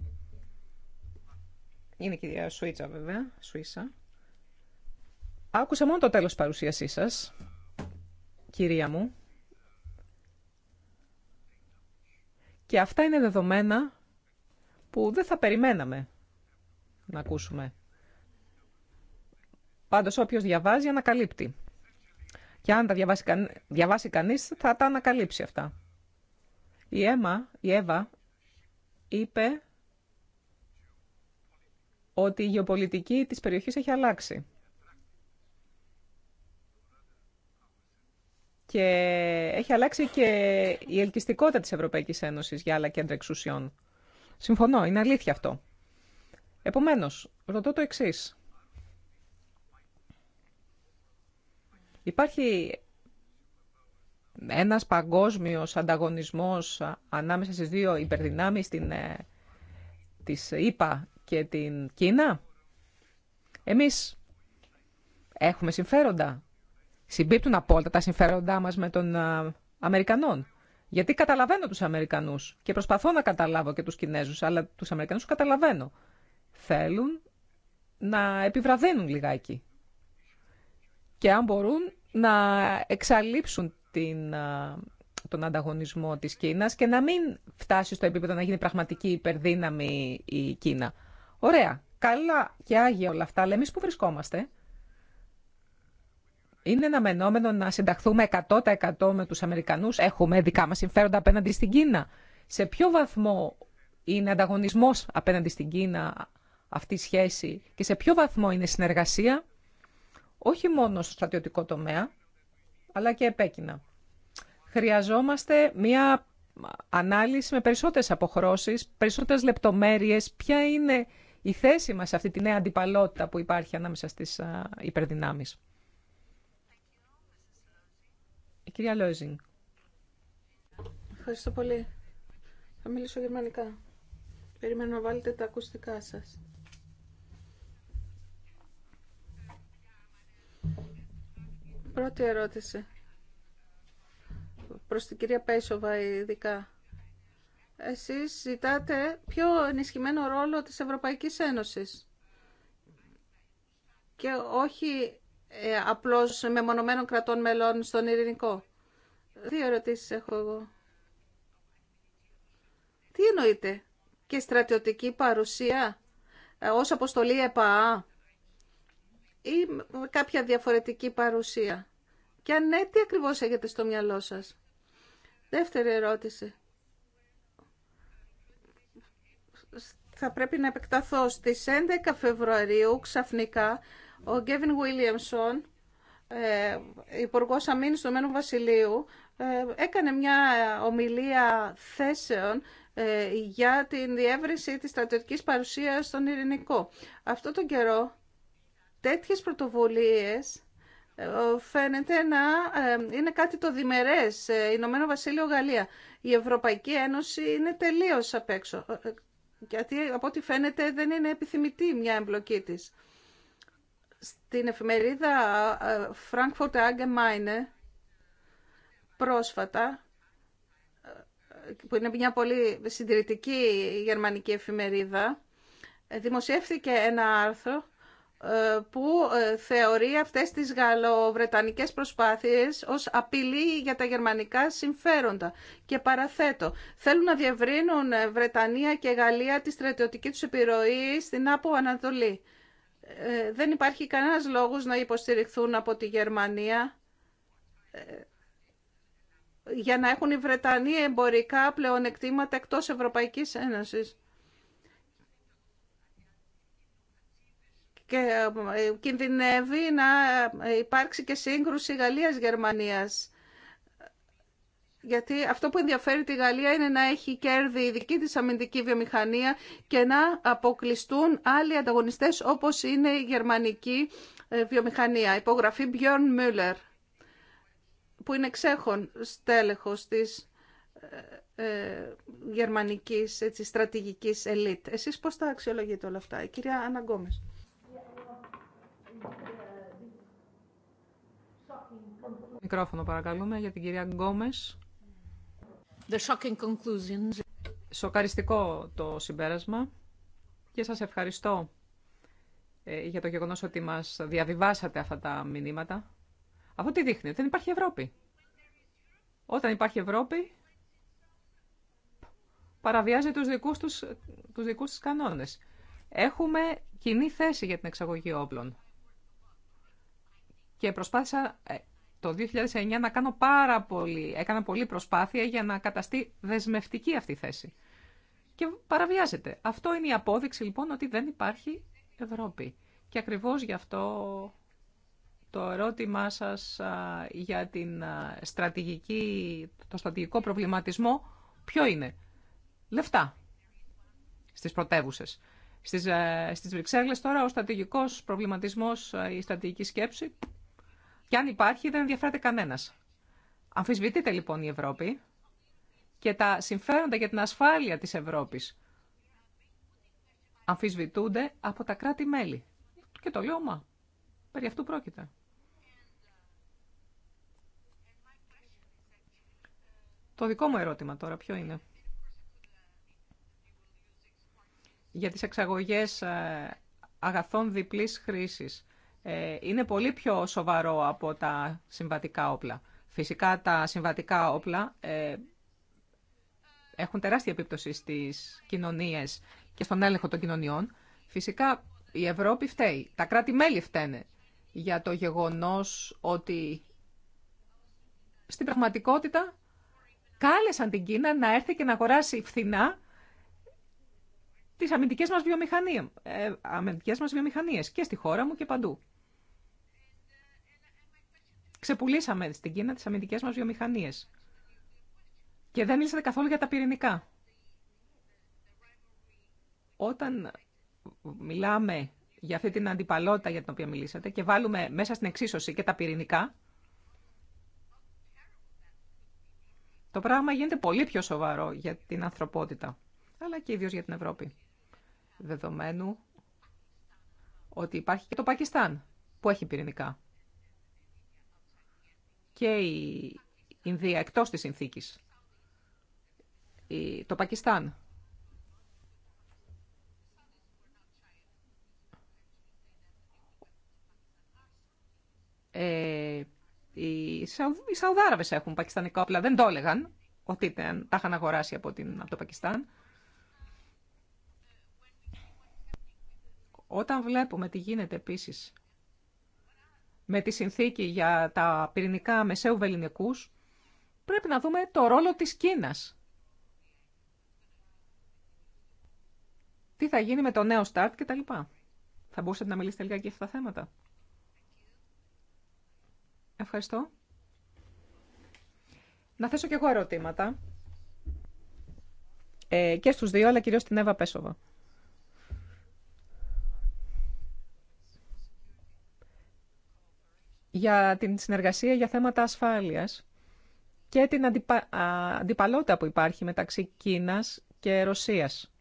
Είναι η κυρία Σουίτσα βέβαια, Σουίσα. Άκουσα μόνο το τέλος παρουσίασή σας, κυρία μου. Και αυτά είναι δεδομένα που δεν θα περιμέναμε να ακούσουμε. Πάντως όποιος διαβάζει ανακαλύπτει. Και αν τα διαβάσει, κανεί, κανείς θα τα ανακαλύψει αυτά. Η Έμα, η Εύα, είπε ότι η γεωπολιτική της περιοχής έχει αλλάξει. Και έχει αλλάξει και η ελκυστικότητα της Ευρωπαϊκής Ένωσης για άλλα κέντρα εξουσιών. Συμφωνώ, είναι αλήθεια αυτό. Επομένως, ρωτώ το εξής. Υπάρχει ένας παγκόσμιος ανταγωνισμός ανάμεσα στις δύο υπερδυνάμεις την, ε, της ΙΠΑ και την Κίνα. Εμείς έχουμε συμφέροντα. Συμπίπτουν απόλυτα τα συμφέροντά μας με των ε, Αμερικανών. Γιατί καταλαβαίνω τους Αμερικανούς και προσπαθώ να καταλάβω και τους Κινέζους, αλλά τους Αμερικανούς καταλαβαίνω θέλουν να επιβραδύνουν λιγάκι και αν μπορούν να εξαλείψουν την, τον ανταγωνισμό της Κίνας και να μην φτάσει στο επίπεδο να γίνει πραγματική υπερδύναμη η Κίνα. Ωραία, καλά και άγια όλα αυτά, αλλά εμείς που βρισκόμαστε είναι μενόμενο να συνταχθούμε 100% με τους Αμερικανούς. Έχουμε δικά μας συμφέροντα απέναντι στην Κίνα. Σε ποιο βαθμό είναι ανταγωνισμός απέναντι στην Κίνα αυτή η σχέση και σε ποιο βαθμό είναι συνεργασία, όχι μόνο στο στρατιωτικό τομέα, αλλά και επέκεινα. Χρειαζόμαστε μία ανάλυση με περισσότερες αποχρώσεις, περισσότερες λεπτομέρειες, ποια είναι η θέση μας σε αυτή τη νέα αντιπαλότητα που υπάρχει ανάμεσα στις υπερδυνάμεις. Η κυρία Λόιζινγκ. Ευχαριστώ πολύ. Θα μιλήσω γερμανικά. Περιμένω να βάλετε τα ακουστικά σας. Πρώτη ερώτηση προς την κυρία Πέσοβα ειδικά. Εσείς ζητάτε πιο ενισχυμένο ρόλο της Ευρωπαϊκής Ένωσης και όχι ε, απλώς μεμονωμένων κρατών μελών στον ειρηνικό. Δύο ερωτήσεις έχω εγώ. Τι εννοείτε και στρατιωτική παρουσία ε, ως αποστολή ΕΠΑΑ ή κάποια διαφορετική παρουσία. Και αν ναι, τι ακριβώς έχετε στο μυαλό σας. Δεύτερη ερώτηση. Θα πρέπει να επεκταθώ. Στις 11 Φεβρουαρίου ξαφνικά ο Γκέβιν Βίλιαμσον, ε, υπουργό Αμήνη του μενού Βασιλείου, ε, έκανε μια ομιλία θέσεων ε, για την διεύρυνση της στρατιωτικής παρουσίας στον Ειρηνικό. Αυτό τον καιρό τέτοιες πρωτοβουλίες ε, φαίνεται να ε, είναι κάτι το διμερές, ε, Ηνωμένο Βασίλειο Γαλλία. Η Ευρωπαϊκή Ένωση είναι τελείως απ' έξω, γιατί από ό,τι φαίνεται δεν είναι επιθυμητή μια εμπλοκή της. Στην εφημερίδα Frankfurt Allgemeine πρόσφατα, που είναι μια πολύ συντηρητική γερμανική εφημερίδα, δημοσιεύθηκε ένα άρθρο ε, που ε, θεωρεί αυτές τις γαλλοβρετανικές προσπάθειες ως απειλή για τα γερμανικά συμφέροντα. Και παραθέτω, θέλουν να διευρύνουν ε, Βρετανία και Γαλλία τη στρατιωτική τους επιρροή στην Άπο Ανατολή. Δεν υπάρχει κανένας λόγος να υποστηριχθούν από τη Γερμανία για να έχουν οι Βρετανοί εμπορικά πλεονεκτήματα εκτός Ευρωπαϊκής Ένωσης. και ε, κινδυνεύει να ε, υπάρξει και σύγκρουση Γαλλίας-Γερμανίας. Γιατί αυτό που ενδιαφέρει τη Γαλλία είναι να έχει κέρδη η δική της αμυντική βιομηχανία και να αποκλειστούν άλλοι ανταγωνιστές όπως είναι η γερμανική ε, βιομηχανία. Υπογραφή Björn Müller, που είναι ξέχων στέλεχος της γερμανικής έτσι, στρατηγικής ελίτ. Εσείς πώς τα αξιολογείτε όλα αυτά, η κυρία Αναγκόμες. Μικρόφωνο παρακαλούμε για την κυρία Γκόμες. The shocking Σοκαριστικό το συμπέρασμα και σας ευχαριστώ ε, για το γεγονός ότι μας διαβιβάσατε αυτά τα μηνύματα. Αυτό τι δείχνει, δεν υπάρχει Ευρώπη. Όταν υπάρχει Ευρώπη, παραβιάζει τους δικούς, τους, τους δικούς τους κανόνες. Έχουμε κοινή θέση για την εξαγωγή όπλων. Και προσπάθησα ε, το 2009 να κάνω πολύ, έκανα πολλή προσπάθεια για να καταστεί δεσμευτική αυτή η θέση. Και παραβιάζεται. Αυτό είναι η απόδειξη λοιπόν ότι δεν υπάρχει Ευρώπη. Και ακριβώς γι' αυτό το ερώτημά σας για την στρατηγική, το στρατηγικό προβληματισμό ποιο είναι. Λεφτά στις πρωτεύουσε. Στις, ε, στις τώρα ο στρατηγικός προβληματισμός, ε, η στρατηγική σκέψη και αν υπάρχει, δεν ενδιαφέρεται κανένα. Αμφισβητείται λοιπόν η Ευρώπη και τα συμφέροντα για την ασφάλεια της Ευρώπης αμφισβητούνται από τα κράτη-μέλη. Και το λέω, μα, περί αυτού πρόκειται. Το δικό μου ερώτημα τώρα ποιο είναι. Για τις εξαγωγές ε, αγαθών διπλής χρήσης. Ε, είναι πολύ πιο σοβαρό από τα συμβατικά όπλα. Φυσικά τα συμβατικά όπλα ε, έχουν τεράστια επίπτωση στις κοινωνίες και στον έλεγχο των κοινωνιών. Φυσικά η Ευρώπη φταίει, τα κράτη-μέλη φταίνε για το γεγονός ότι στην πραγματικότητα κάλεσαν την Κίνα να έρθει και να αγοράσει φθηνά τις αμυντικές μας, βιομηχανίες, ε, και στη χώρα μου και παντού ξεπουλήσαμε στην Κίνα τι αμυντικέ μας βιομηχανίες. Και δεν μίλησατε καθόλου για τα πυρηνικά. Όταν μιλάμε για αυτή την αντιπαλότητα για την οποία μιλήσατε και βάλουμε μέσα στην εξίσωση και τα πυρηνικά, το πράγμα γίνεται πολύ πιο σοβαρό για την ανθρωπότητα, αλλά και ιδίως για την Ευρώπη. Δεδομένου ότι υπάρχει και το Πακιστάν που έχει πυρηνικά και η Ινδία εκτός της συνθήκης. Το Πακιστάν. Ε, οι, Σαουδάραβες έχουν πακιστανικά όπλα. Δεν το έλεγαν ότι τα είχαν αγοράσει από, την, από το Πακιστάν. Όταν βλέπουμε τι γίνεται επίσης με τη συνθήκη για τα πυρηνικά μεσαίου βεληνικούς, πρέπει να δούμε το ρόλο της Κίνας. Τι θα γίνει με το νέο start και τα λοιπά. Θα μπορούσατε να μιλήσετε λίγα και αυτά τα θέματα. Ευχαριστώ. Να θέσω κι εγώ ερωτήματα. Ε, και στους δύο, αλλά κυρίως στην Εύα Πέσοβα. για την συνεργασία για θέματα ασφάλειας και την αντιπαλότητα που υπάρχει μεταξύ Κίνας και Ρωσίας.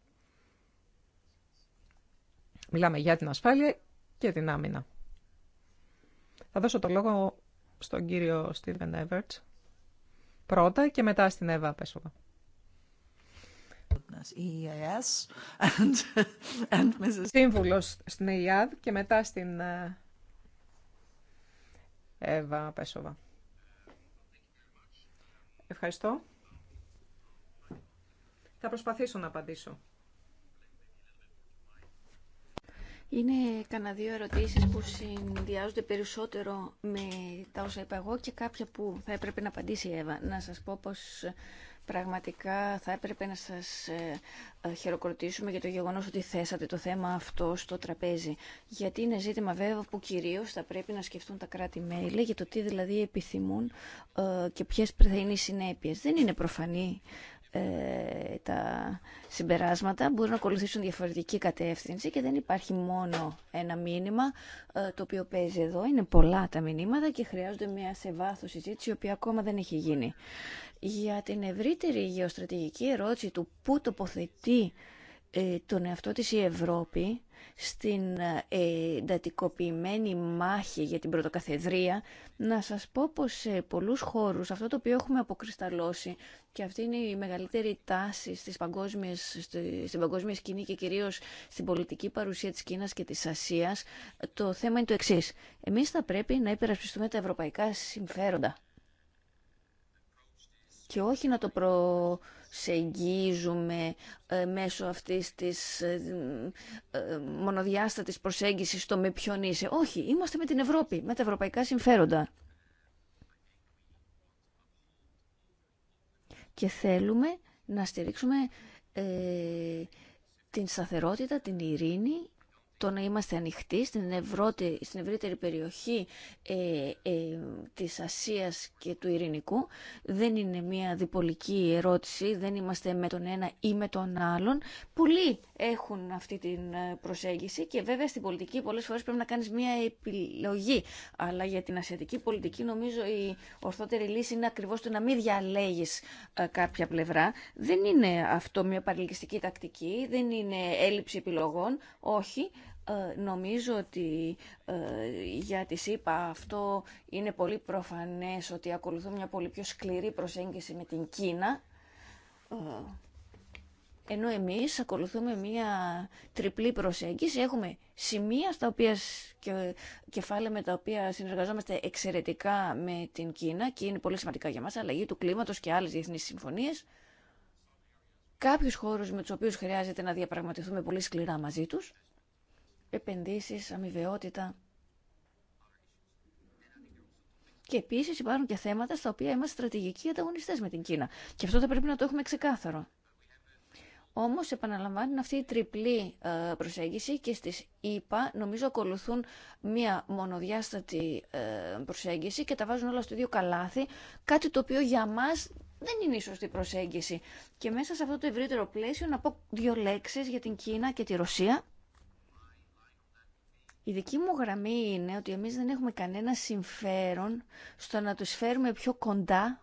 Μιλάμε για την ασφάλεια και την άμυνα. Θα δώσω το λόγο στον κύριο Στίβεν Έβερτς πρώτα και μετά στην Εύα Πέσοβα. E Σύμβουλος στην ΕΙΑΔ και μετά στην ε, Εύα Πέσοβα. Ευχαριστώ. Θα προσπαθήσω να απαντήσω. Είναι κανένα δύο ερωτήσεις που συνδυάζονται περισσότερο με τα όσα είπα εγώ και κάποια που θα έπρεπε να απαντήσει η Εύα. Να σας πω πως Πραγματικά θα έπρεπε να σας ε, ε, χειροκροτήσουμε για το γεγονός ότι θέσατε το θέμα αυτό στο τραπέζι. Γιατί είναι ζήτημα βέβαια που κυρίως θα πρέπει να σκεφτούν τα κράτη-μέλη για το τι δηλαδή επιθυμούν ε, και ποιες θα είναι οι συνέπειες. Δεν είναι προφανή ε, τα συμπεράσματα μπορούν να ακολουθήσουν διαφορετική κατεύθυνση και δεν υπάρχει μόνο ένα μήνυμα ε, το οποίο παίζει εδώ. Είναι πολλά τα μηνύματα και χρειάζονται μια σε βάθο συζήτηση η οποία ακόμα δεν έχει γίνει. Για την ευρύτερη γεωστρατηγική ερώτηση του πού τοποθετεί ε, τον εαυτό της η Ευρώπη στην ε, ε, εντατικοποιημένη μάχη για την πρωτοκαθεδρία, να σας πω πως σε πολλούς χώρους αυτό το οποίο έχουμε αποκρισταλώσει και αυτή είναι η μεγαλύτερη τάση στις παγκόσμιες, στην παγκόσμια σκηνή και κυρίως στην πολιτική παρουσία της Κίνας και της Ασίας, το θέμα είναι το εξής. Εμείς θα πρέπει να υπερασπιστούμε τα ευρωπαϊκά συμφέροντα και όχι να το προσεγγίζουμε ε, μέσω αυτής της ε, ε, μονοδιάστατης προσέγγισης στο με ποιον είσαι. Όχι, είμαστε με την Ευρώπη, με τα ευρωπαϊκά συμφέροντα. Και θέλουμε να στηρίξουμε την σταθερότητα, την ειρήνη το να είμαστε ανοιχτοί στην, στην ευρύτερη περιοχή ε, ε, της Ασίας και του Ειρηνικού. Δεν είναι μια διπολική ερώτηση, δεν είμαστε με τον ένα ή με τον άλλον. Πολλοί έχουν αυτή την ε, προσέγγιση και βέβαια στην πολιτική πολλές φορές πρέπει να κάνεις μια επιλογή. Αλλά για την ασιατική πολιτική νομίζω η ορθότερη λύση είναι ακριβώς το να μην διαλέγεις ε, κάποια πλευρά. Δεν είναι αυτό μια παρελκυστική τακτική, δεν είναι έλλειψη επιλογών, όχι. Ε, νομίζω ότι ε, για τη ΣΥΠΑ αυτό είναι πολύ προφανές ότι ακολουθούν μια πολύ πιο σκληρή προσέγγιση με την Κίνα ε, ενώ εμείς ακολουθούμε μία τριπλή προσέγγιση. Έχουμε σημεία στα οποία, και κεφάλαια με τα οποία συνεργαζόμαστε εξαιρετικά με την Κίνα και είναι πολύ σημαντικά για μας, αλλαγή του κλίματος και άλλες διεθνείς συμφωνίες. Κάποιους χώρους με τους οποίους χρειάζεται να διαπραγματευτούμε πολύ σκληρά μαζί τους επενδύσεις, αμοιβαιότητα. Και επίσης υπάρχουν και θέματα στα οποία είμαστε στρατηγικοί ανταγωνιστές με την Κίνα. Και αυτό θα πρέπει να το έχουμε ξεκάθαρο. Όμως επαναλαμβάνουν αυτή η τριπλή ε, προσέγγιση και στις ΙΠΑ νομίζω ακολουθούν μία μονοδιάστατη ε, προσέγγιση και τα βάζουν όλα στο ίδιο καλάθι, κάτι το οποίο για μας δεν είναι η σωστή προσέγγιση. Και μέσα σε αυτό το ευρύτερο πλαίσιο να πω δύο λέξεις για την Κίνα και τη Ρωσία. Η δική μου γραμμή είναι ότι εμείς δεν έχουμε κανένα συμφέρον στο να τους φέρουμε πιο κοντά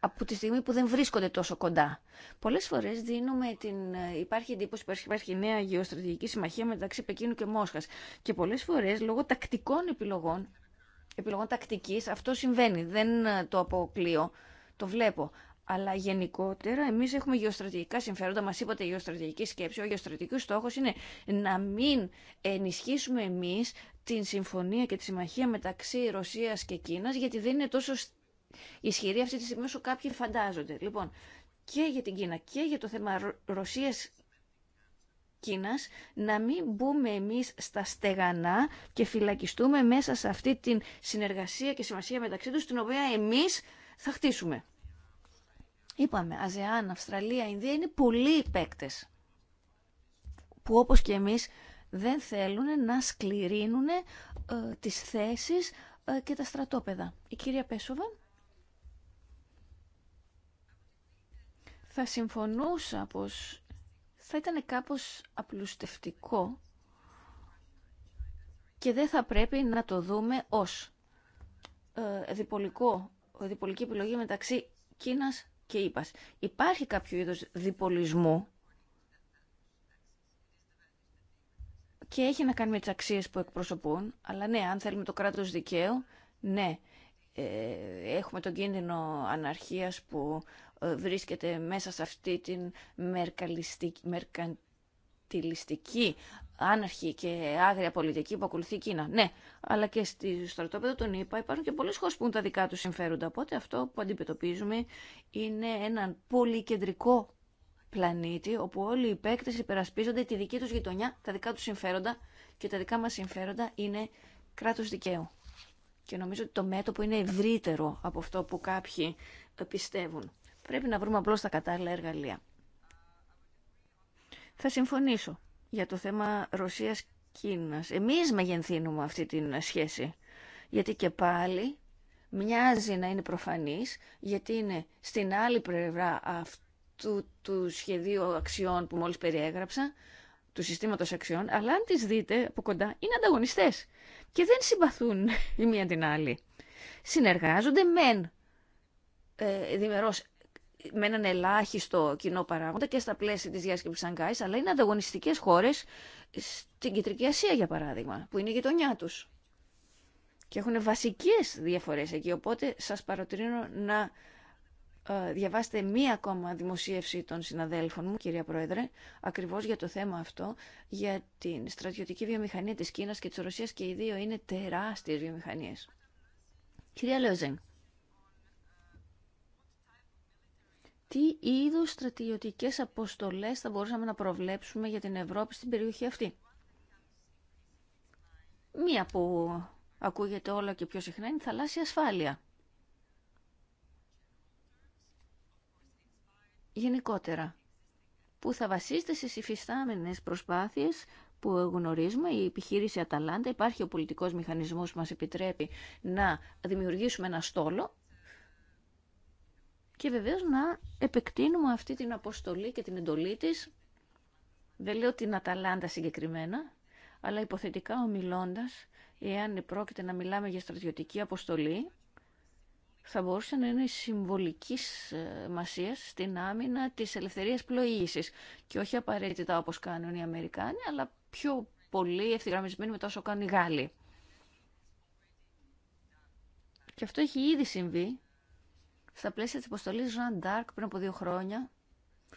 από τη στιγμή που δεν βρίσκονται τόσο κοντά. Πολλές φορές δίνουμε την... Ε, υπάρχει εντύπωση που υπάρχει νέα γεωστρατηγική συμμαχία μεταξύ Πεκίνου και Μόσχας και πολλές φορές λόγω τακτικών επιλογών, επιλογών τακτικής αυτό συμβαίνει, δεν ε, το αποκλείω, το βλέπω. Αλλά γενικότερα εμείς έχουμε γεωστρατηγικά συμφέροντα. Μας είπατε γεωστρατηγική σκέψη. Ο γεωστρατηγικός στόχος είναι να μην ενισχύσουμε εμείς την συμφωνία και τη συμμαχία μεταξύ Ρωσίας και Κίνας γιατί δεν είναι τόσο ισχυρή αυτή τη στιγμή όσο κάποιοι φαντάζονται. Λοιπόν, και για την Κίνα και για το θέμα Ρωσίας Κίνας, να μην μπούμε εμείς στα στεγανά και φυλακιστούμε μέσα σε αυτή την συνεργασία και σημασία μεταξύ τους, την οποία εμείς θα χτίσουμε. Είπαμε, Αζεάν, Αυστραλία, Ινδία είναι πολλοί παίκτες που όπως και εμείς δεν θέλουν να σκληρύνουν ε, τις θέσεις ε, και τα στρατόπεδα. Η κυρία Πέσοβα. Θα συμφωνούσα πως θα ήταν κάπως απλουστευτικό και δεν θα πρέπει να το δούμε ως ε, διπολικό, διπολική επιλογή μεταξύ Κίνας και είπα, υπάρχει κάποιο είδος διπολισμού και έχει να κάνει με τις αξίες που εκπροσωπούν, αλλά ναι, αν θέλουμε το κράτος δικαίου, ναι, ε, έχουμε τον κίνδυνο αναρχίας που ε, βρίσκεται μέσα σε αυτή την μερκαλιστική, μερκαντιλιστική άναρχη και άγρια πολιτική που ακολουθεί η Κίνα. Ναι, αλλά και στη στρατόπεδο των ΗΠΑ υπάρχουν και πολλέ χώρε που έχουν τα δικά του συμφέροντα. Οπότε αυτό που αντιμετωπίζουμε είναι έναν πολυκεντρικό πλανήτη όπου όλοι οι παίκτε υπερασπίζονται τη δική του γειτονιά, τα δικά του συμφέροντα και τα δικά μα συμφέροντα είναι κράτο δικαίου. Και νομίζω ότι το μέτωπο είναι ευρύτερο από αυτό που κάποιοι πιστεύουν. Πρέπει να βρούμε απλώ τα κατάλληλα εργαλεία. Θα συμφωνήσω για το θέμα Ρωσίας-Κίνας. Εμείς μεγενθύνουμε αυτή την σχέση. Γιατί και πάλι μοιάζει να είναι προφανής, γιατί είναι στην άλλη πλευρά αυτού του σχεδίου αξιών που μόλις περιέγραψα, του συστήματος αξιών, αλλά αν τις δείτε από κοντά είναι ανταγωνιστές και δεν συμπαθούν η μία την άλλη. Συνεργάζονται μεν ε, με έναν ελάχιστο κοινό παράγοντα και στα πλαίσια της διάσκεψης Σανγκάης, αλλά είναι ανταγωνιστικές χώρες στην Κεντρική Ασία, για παράδειγμα, που είναι η γειτονιά τους. Και έχουν βασικές διαφορές εκεί, οπότε σας παροτρύνω να ε, διαβάσετε μία ακόμα δημοσίευση των συναδέλφων μου, κυρία Πρόεδρε, ακριβώς για το θέμα αυτό, για την στρατιωτική βιομηχανία της Κίνας και της Ρωσίας και οι δύο είναι τεράστιες βιομηχανίες. Κυρία Λέοζεν, τι είδους στρατιωτικές αποστολές θα μπορούσαμε να προβλέψουμε για την Ευρώπη στην περιοχή αυτή. Μία που ακούγεται όλο και πιο συχνά είναι η θαλάσσια ασφάλεια. Γενικότερα, που θα βασίζεται στις υφιστάμενες προσπάθειες που γνωρίζουμε, η επιχείρηση Αταλάντα, υπάρχει ο πολιτικός μηχανισμός που μας επιτρέπει να δημιουργήσουμε ένα στόλο και βεβαίως να επεκτείνουμε αυτή την αποστολή και την εντολή της. Δεν λέω την Αταλάντα συγκεκριμένα, αλλά υποθετικά ομιλώντας, εάν πρόκειται να μιλάμε για στρατιωτική αποστολή, θα μπορούσε να είναι συμβολική ε, μασία στην άμυνα τη ελευθερία πλοήγηση. Και όχι απαραίτητα όπω κάνουν οι Αμερικάνοι, αλλά πιο πολύ ευθυγραμμισμένοι με το όσο κάνουν οι Γάλλοι. Και αυτό έχει ήδη συμβεί στα πλαίσια της αποστολής Jean d'Arc πριν από δύο χρόνια,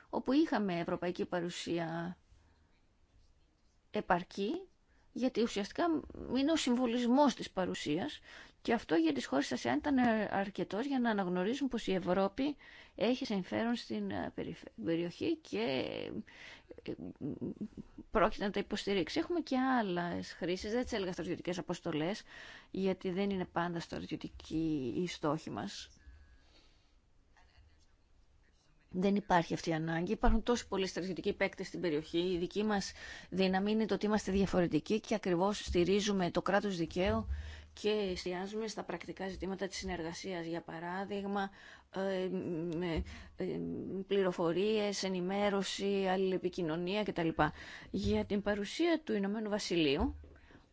όπου είχαμε ευρωπαϊκή παρουσία επαρκή, γιατί ουσιαστικά είναι ο συμβολισμός της παρουσίας και αυτό για τις χώρες ΑΣΕΑΝ ήταν αρκετός για να αναγνωρίζουν πως η Ευρώπη έχει συμφέρον στην ε, περιοχή και ε, πρόκειται να τα υποστηρίξει. Έχουμε και άλλε χρήσει, δεν τι έλεγα στρατιωτικέ αποστολέ, γιατί δεν είναι πάντα στρατιωτική η στόχη μα. Δεν υπάρχει αυτή η ανάγκη. Υπάρχουν τόσοι πολλοί στρατιωτικοί παίκτε στην περιοχή. Η δική μα δύναμη είναι το ότι είμαστε διαφορετικοί και ακριβώ στηρίζουμε το κράτο δικαίου και εστιάζουμε στα πρακτικά ζητήματα της συνεργασίας, για παράδειγμα, ε, ε, πληροφορίες, ενημέρωση, αλληλεπικοινωνία κτλ. Για την παρουσία του Ηνωμένου Βασιλείου,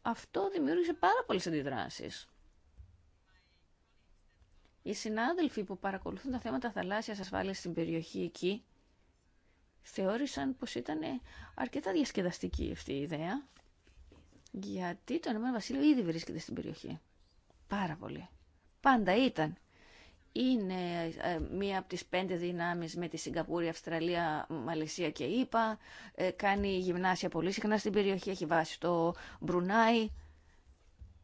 αυτό δημιούργησε πάρα πολλές αντιδράσεις οι συνάδελφοι που παρακολουθούν τα θέματα θαλάσσιας ασφάλειας στην περιοχή εκεί θεώρησαν πως ήταν αρκετά διασκεδαστική αυτή η ιδέα γιατί το Ηνωμένο Βασίλειο ήδη βρίσκεται στην περιοχή. Πάρα πολύ. Πάντα ήταν. Είναι ε, μία από τις πέντε δυνάμεις με τη Σιγκαπούρη, Αυστραλία, Μαλαισία και ΗΠΑ. Ε, κάνει γυμνάσια πολύ συχνά στην περιοχή. Έχει βάση το Μπρουνάι.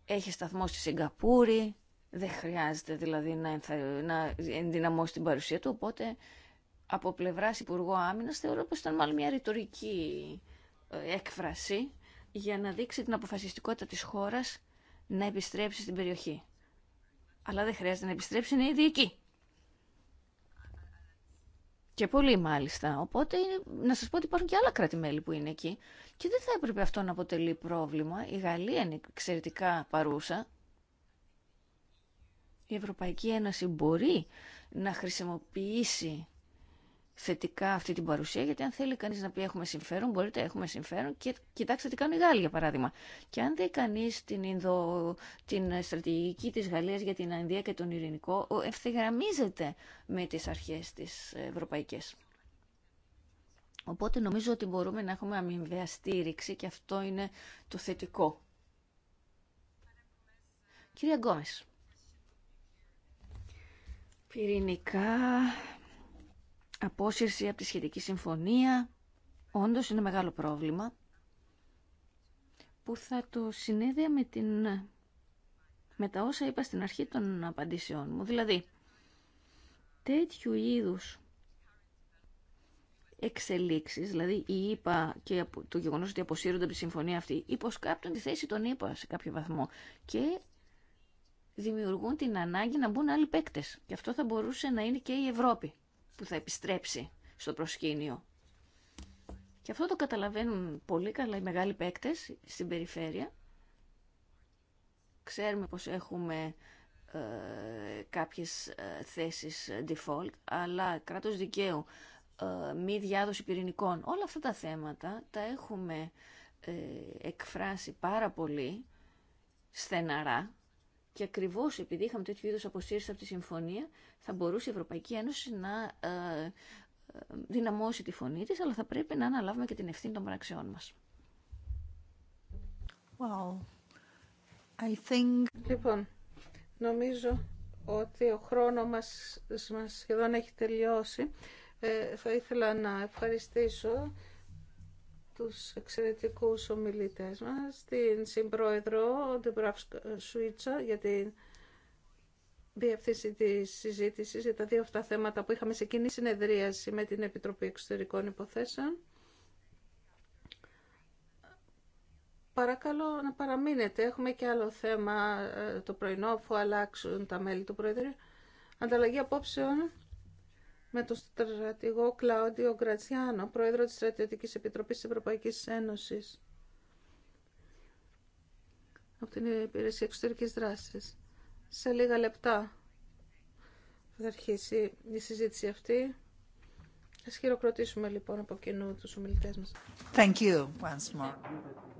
Έχει σταθμό στη Σιγκαπούρη. Δεν χρειάζεται δηλαδή να, ενθα... να ενδυναμώσει την παρουσία του, οπότε από πλευρά Υπουργό Άμυνα θεωρώ πω ήταν μάλλον μια ρητορική ε, έκφραση για να δείξει την αποφασιστικότητα τη χώρα να επιστρέψει στην περιοχή. Αλλά δεν χρειάζεται να επιστρέψει, είναι ήδη εκεί. Και πολύ μάλιστα. Οπότε να σας πω ότι υπάρχουν και άλλα που είναι εκεί και δεν θα έπρεπε αυτό να αποτελεί πρόβλημα. Η Γαλλία είναι εξαιρετικά παρούσα η Ευρωπαϊκή Ένωση μπορεί να χρησιμοποιήσει θετικά αυτή την παρουσία, γιατί αν θέλει κανείς να πει έχουμε συμφέρον, μπορείτε έχουμε συμφέρον και κοιτάξτε τι κάνουν οι Γάλλοι για παράδειγμα. Και αν δει κανείς την, Ινδο, την στρατηγική της Γαλλίας για την Ανδία και τον Ειρηνικό, ευθυγραμμίζεται με τις αρχές της ευρωπαϊκές. Οπότε νομίζω ότι μπορούμε να έχουμε αμοιβαία στήριξη και αυτό είναι το θετικό. Κυρία Γκόμες. Πυρηνικά, απόσυρση από τη σχετική συμφωνία, όντως είναι μεγάλο πρόβλημα που θα το συνέδεια με, την... με τα όσα είπα στην αρχή των απαντήσεών μου. Δηλαδή, τέτοιου είδους εξελίξεις, δηλαδή η ΕΠΑ και το γεγονός ότι αποσύρονται από τη συμφωνία αυτή, υποσκάπτουν τη θέση των ΕΠΑ σε κάποιο βαθμό και δημιουργούν την ανάγκη να μπουν άλλοι παίκτε. Και αυτό θα μπορούσε να είναι και η Ευρώπη που θα επιστρέψει στο προσκήνιο. Και αυτό το καταλαβαίνουν πολύ καλά οι μεγάλοι παίκτε στην περιφέρεια. Ξέρουμε πως έχουμε ε, κάποιες ε, θέσεις default, αλλά κράτος δικαίου, ε, μη διάδοση πυρηνικών, όλα αυτά τα θέματα τα έχουμε ε, εκφράσει πάρα πολύ στεναρά και ακριβώ επειδή είχαμε τέτοιου είδου αποσύρσει από τη συμφωνία, θα μπορούσε η Ευρωπαϊκή Ένωση να ε, ε, δυναμώσει τη φωνή της, αλλά θα πρέπει να αναλάβουμε και την ευθύνη των πράξεών μας. Wow. I think... Λοιπόν, νομίζω ότι ο χρόνο μας, σχεδόν έχει τελειώσει. Ε, θα ήθελα να ευχαριστήσω τους εξαιρετικούς ομιλητές μας, την Συμπρόεδρο, την Μπραφ Σουίτσα, για την διεύθυνση τη συζήτηση για τα δύο αυτά θέματα που είχαμε σε κοινή συνεδρίαση με την Επιτροπή Εξωτερικών Υποθέσεων. Παρακαλώ να παραμείνετε. Έχουμε και άλλο θέμα ε, το πρωινό, αφού αλλάξουν τα μέλη του Προεδρείου. Ανταλλαγή απόψεων με τον στρατηγό Κλάοντιο Γκρατσιάνο, πρόεδρο της Στρατιωτικής Επιτροπής της Ευρωπαϊκής Ένωσης από την Υπηρεσία Εξωτερικής Δράσης. Σε λίγα λεπτά θα αρχίσει η συζήτηση αυτή. Ας χειροκροτήσουμε λοιπόν από κοινού τους ομιλητές μας. Thank you once more.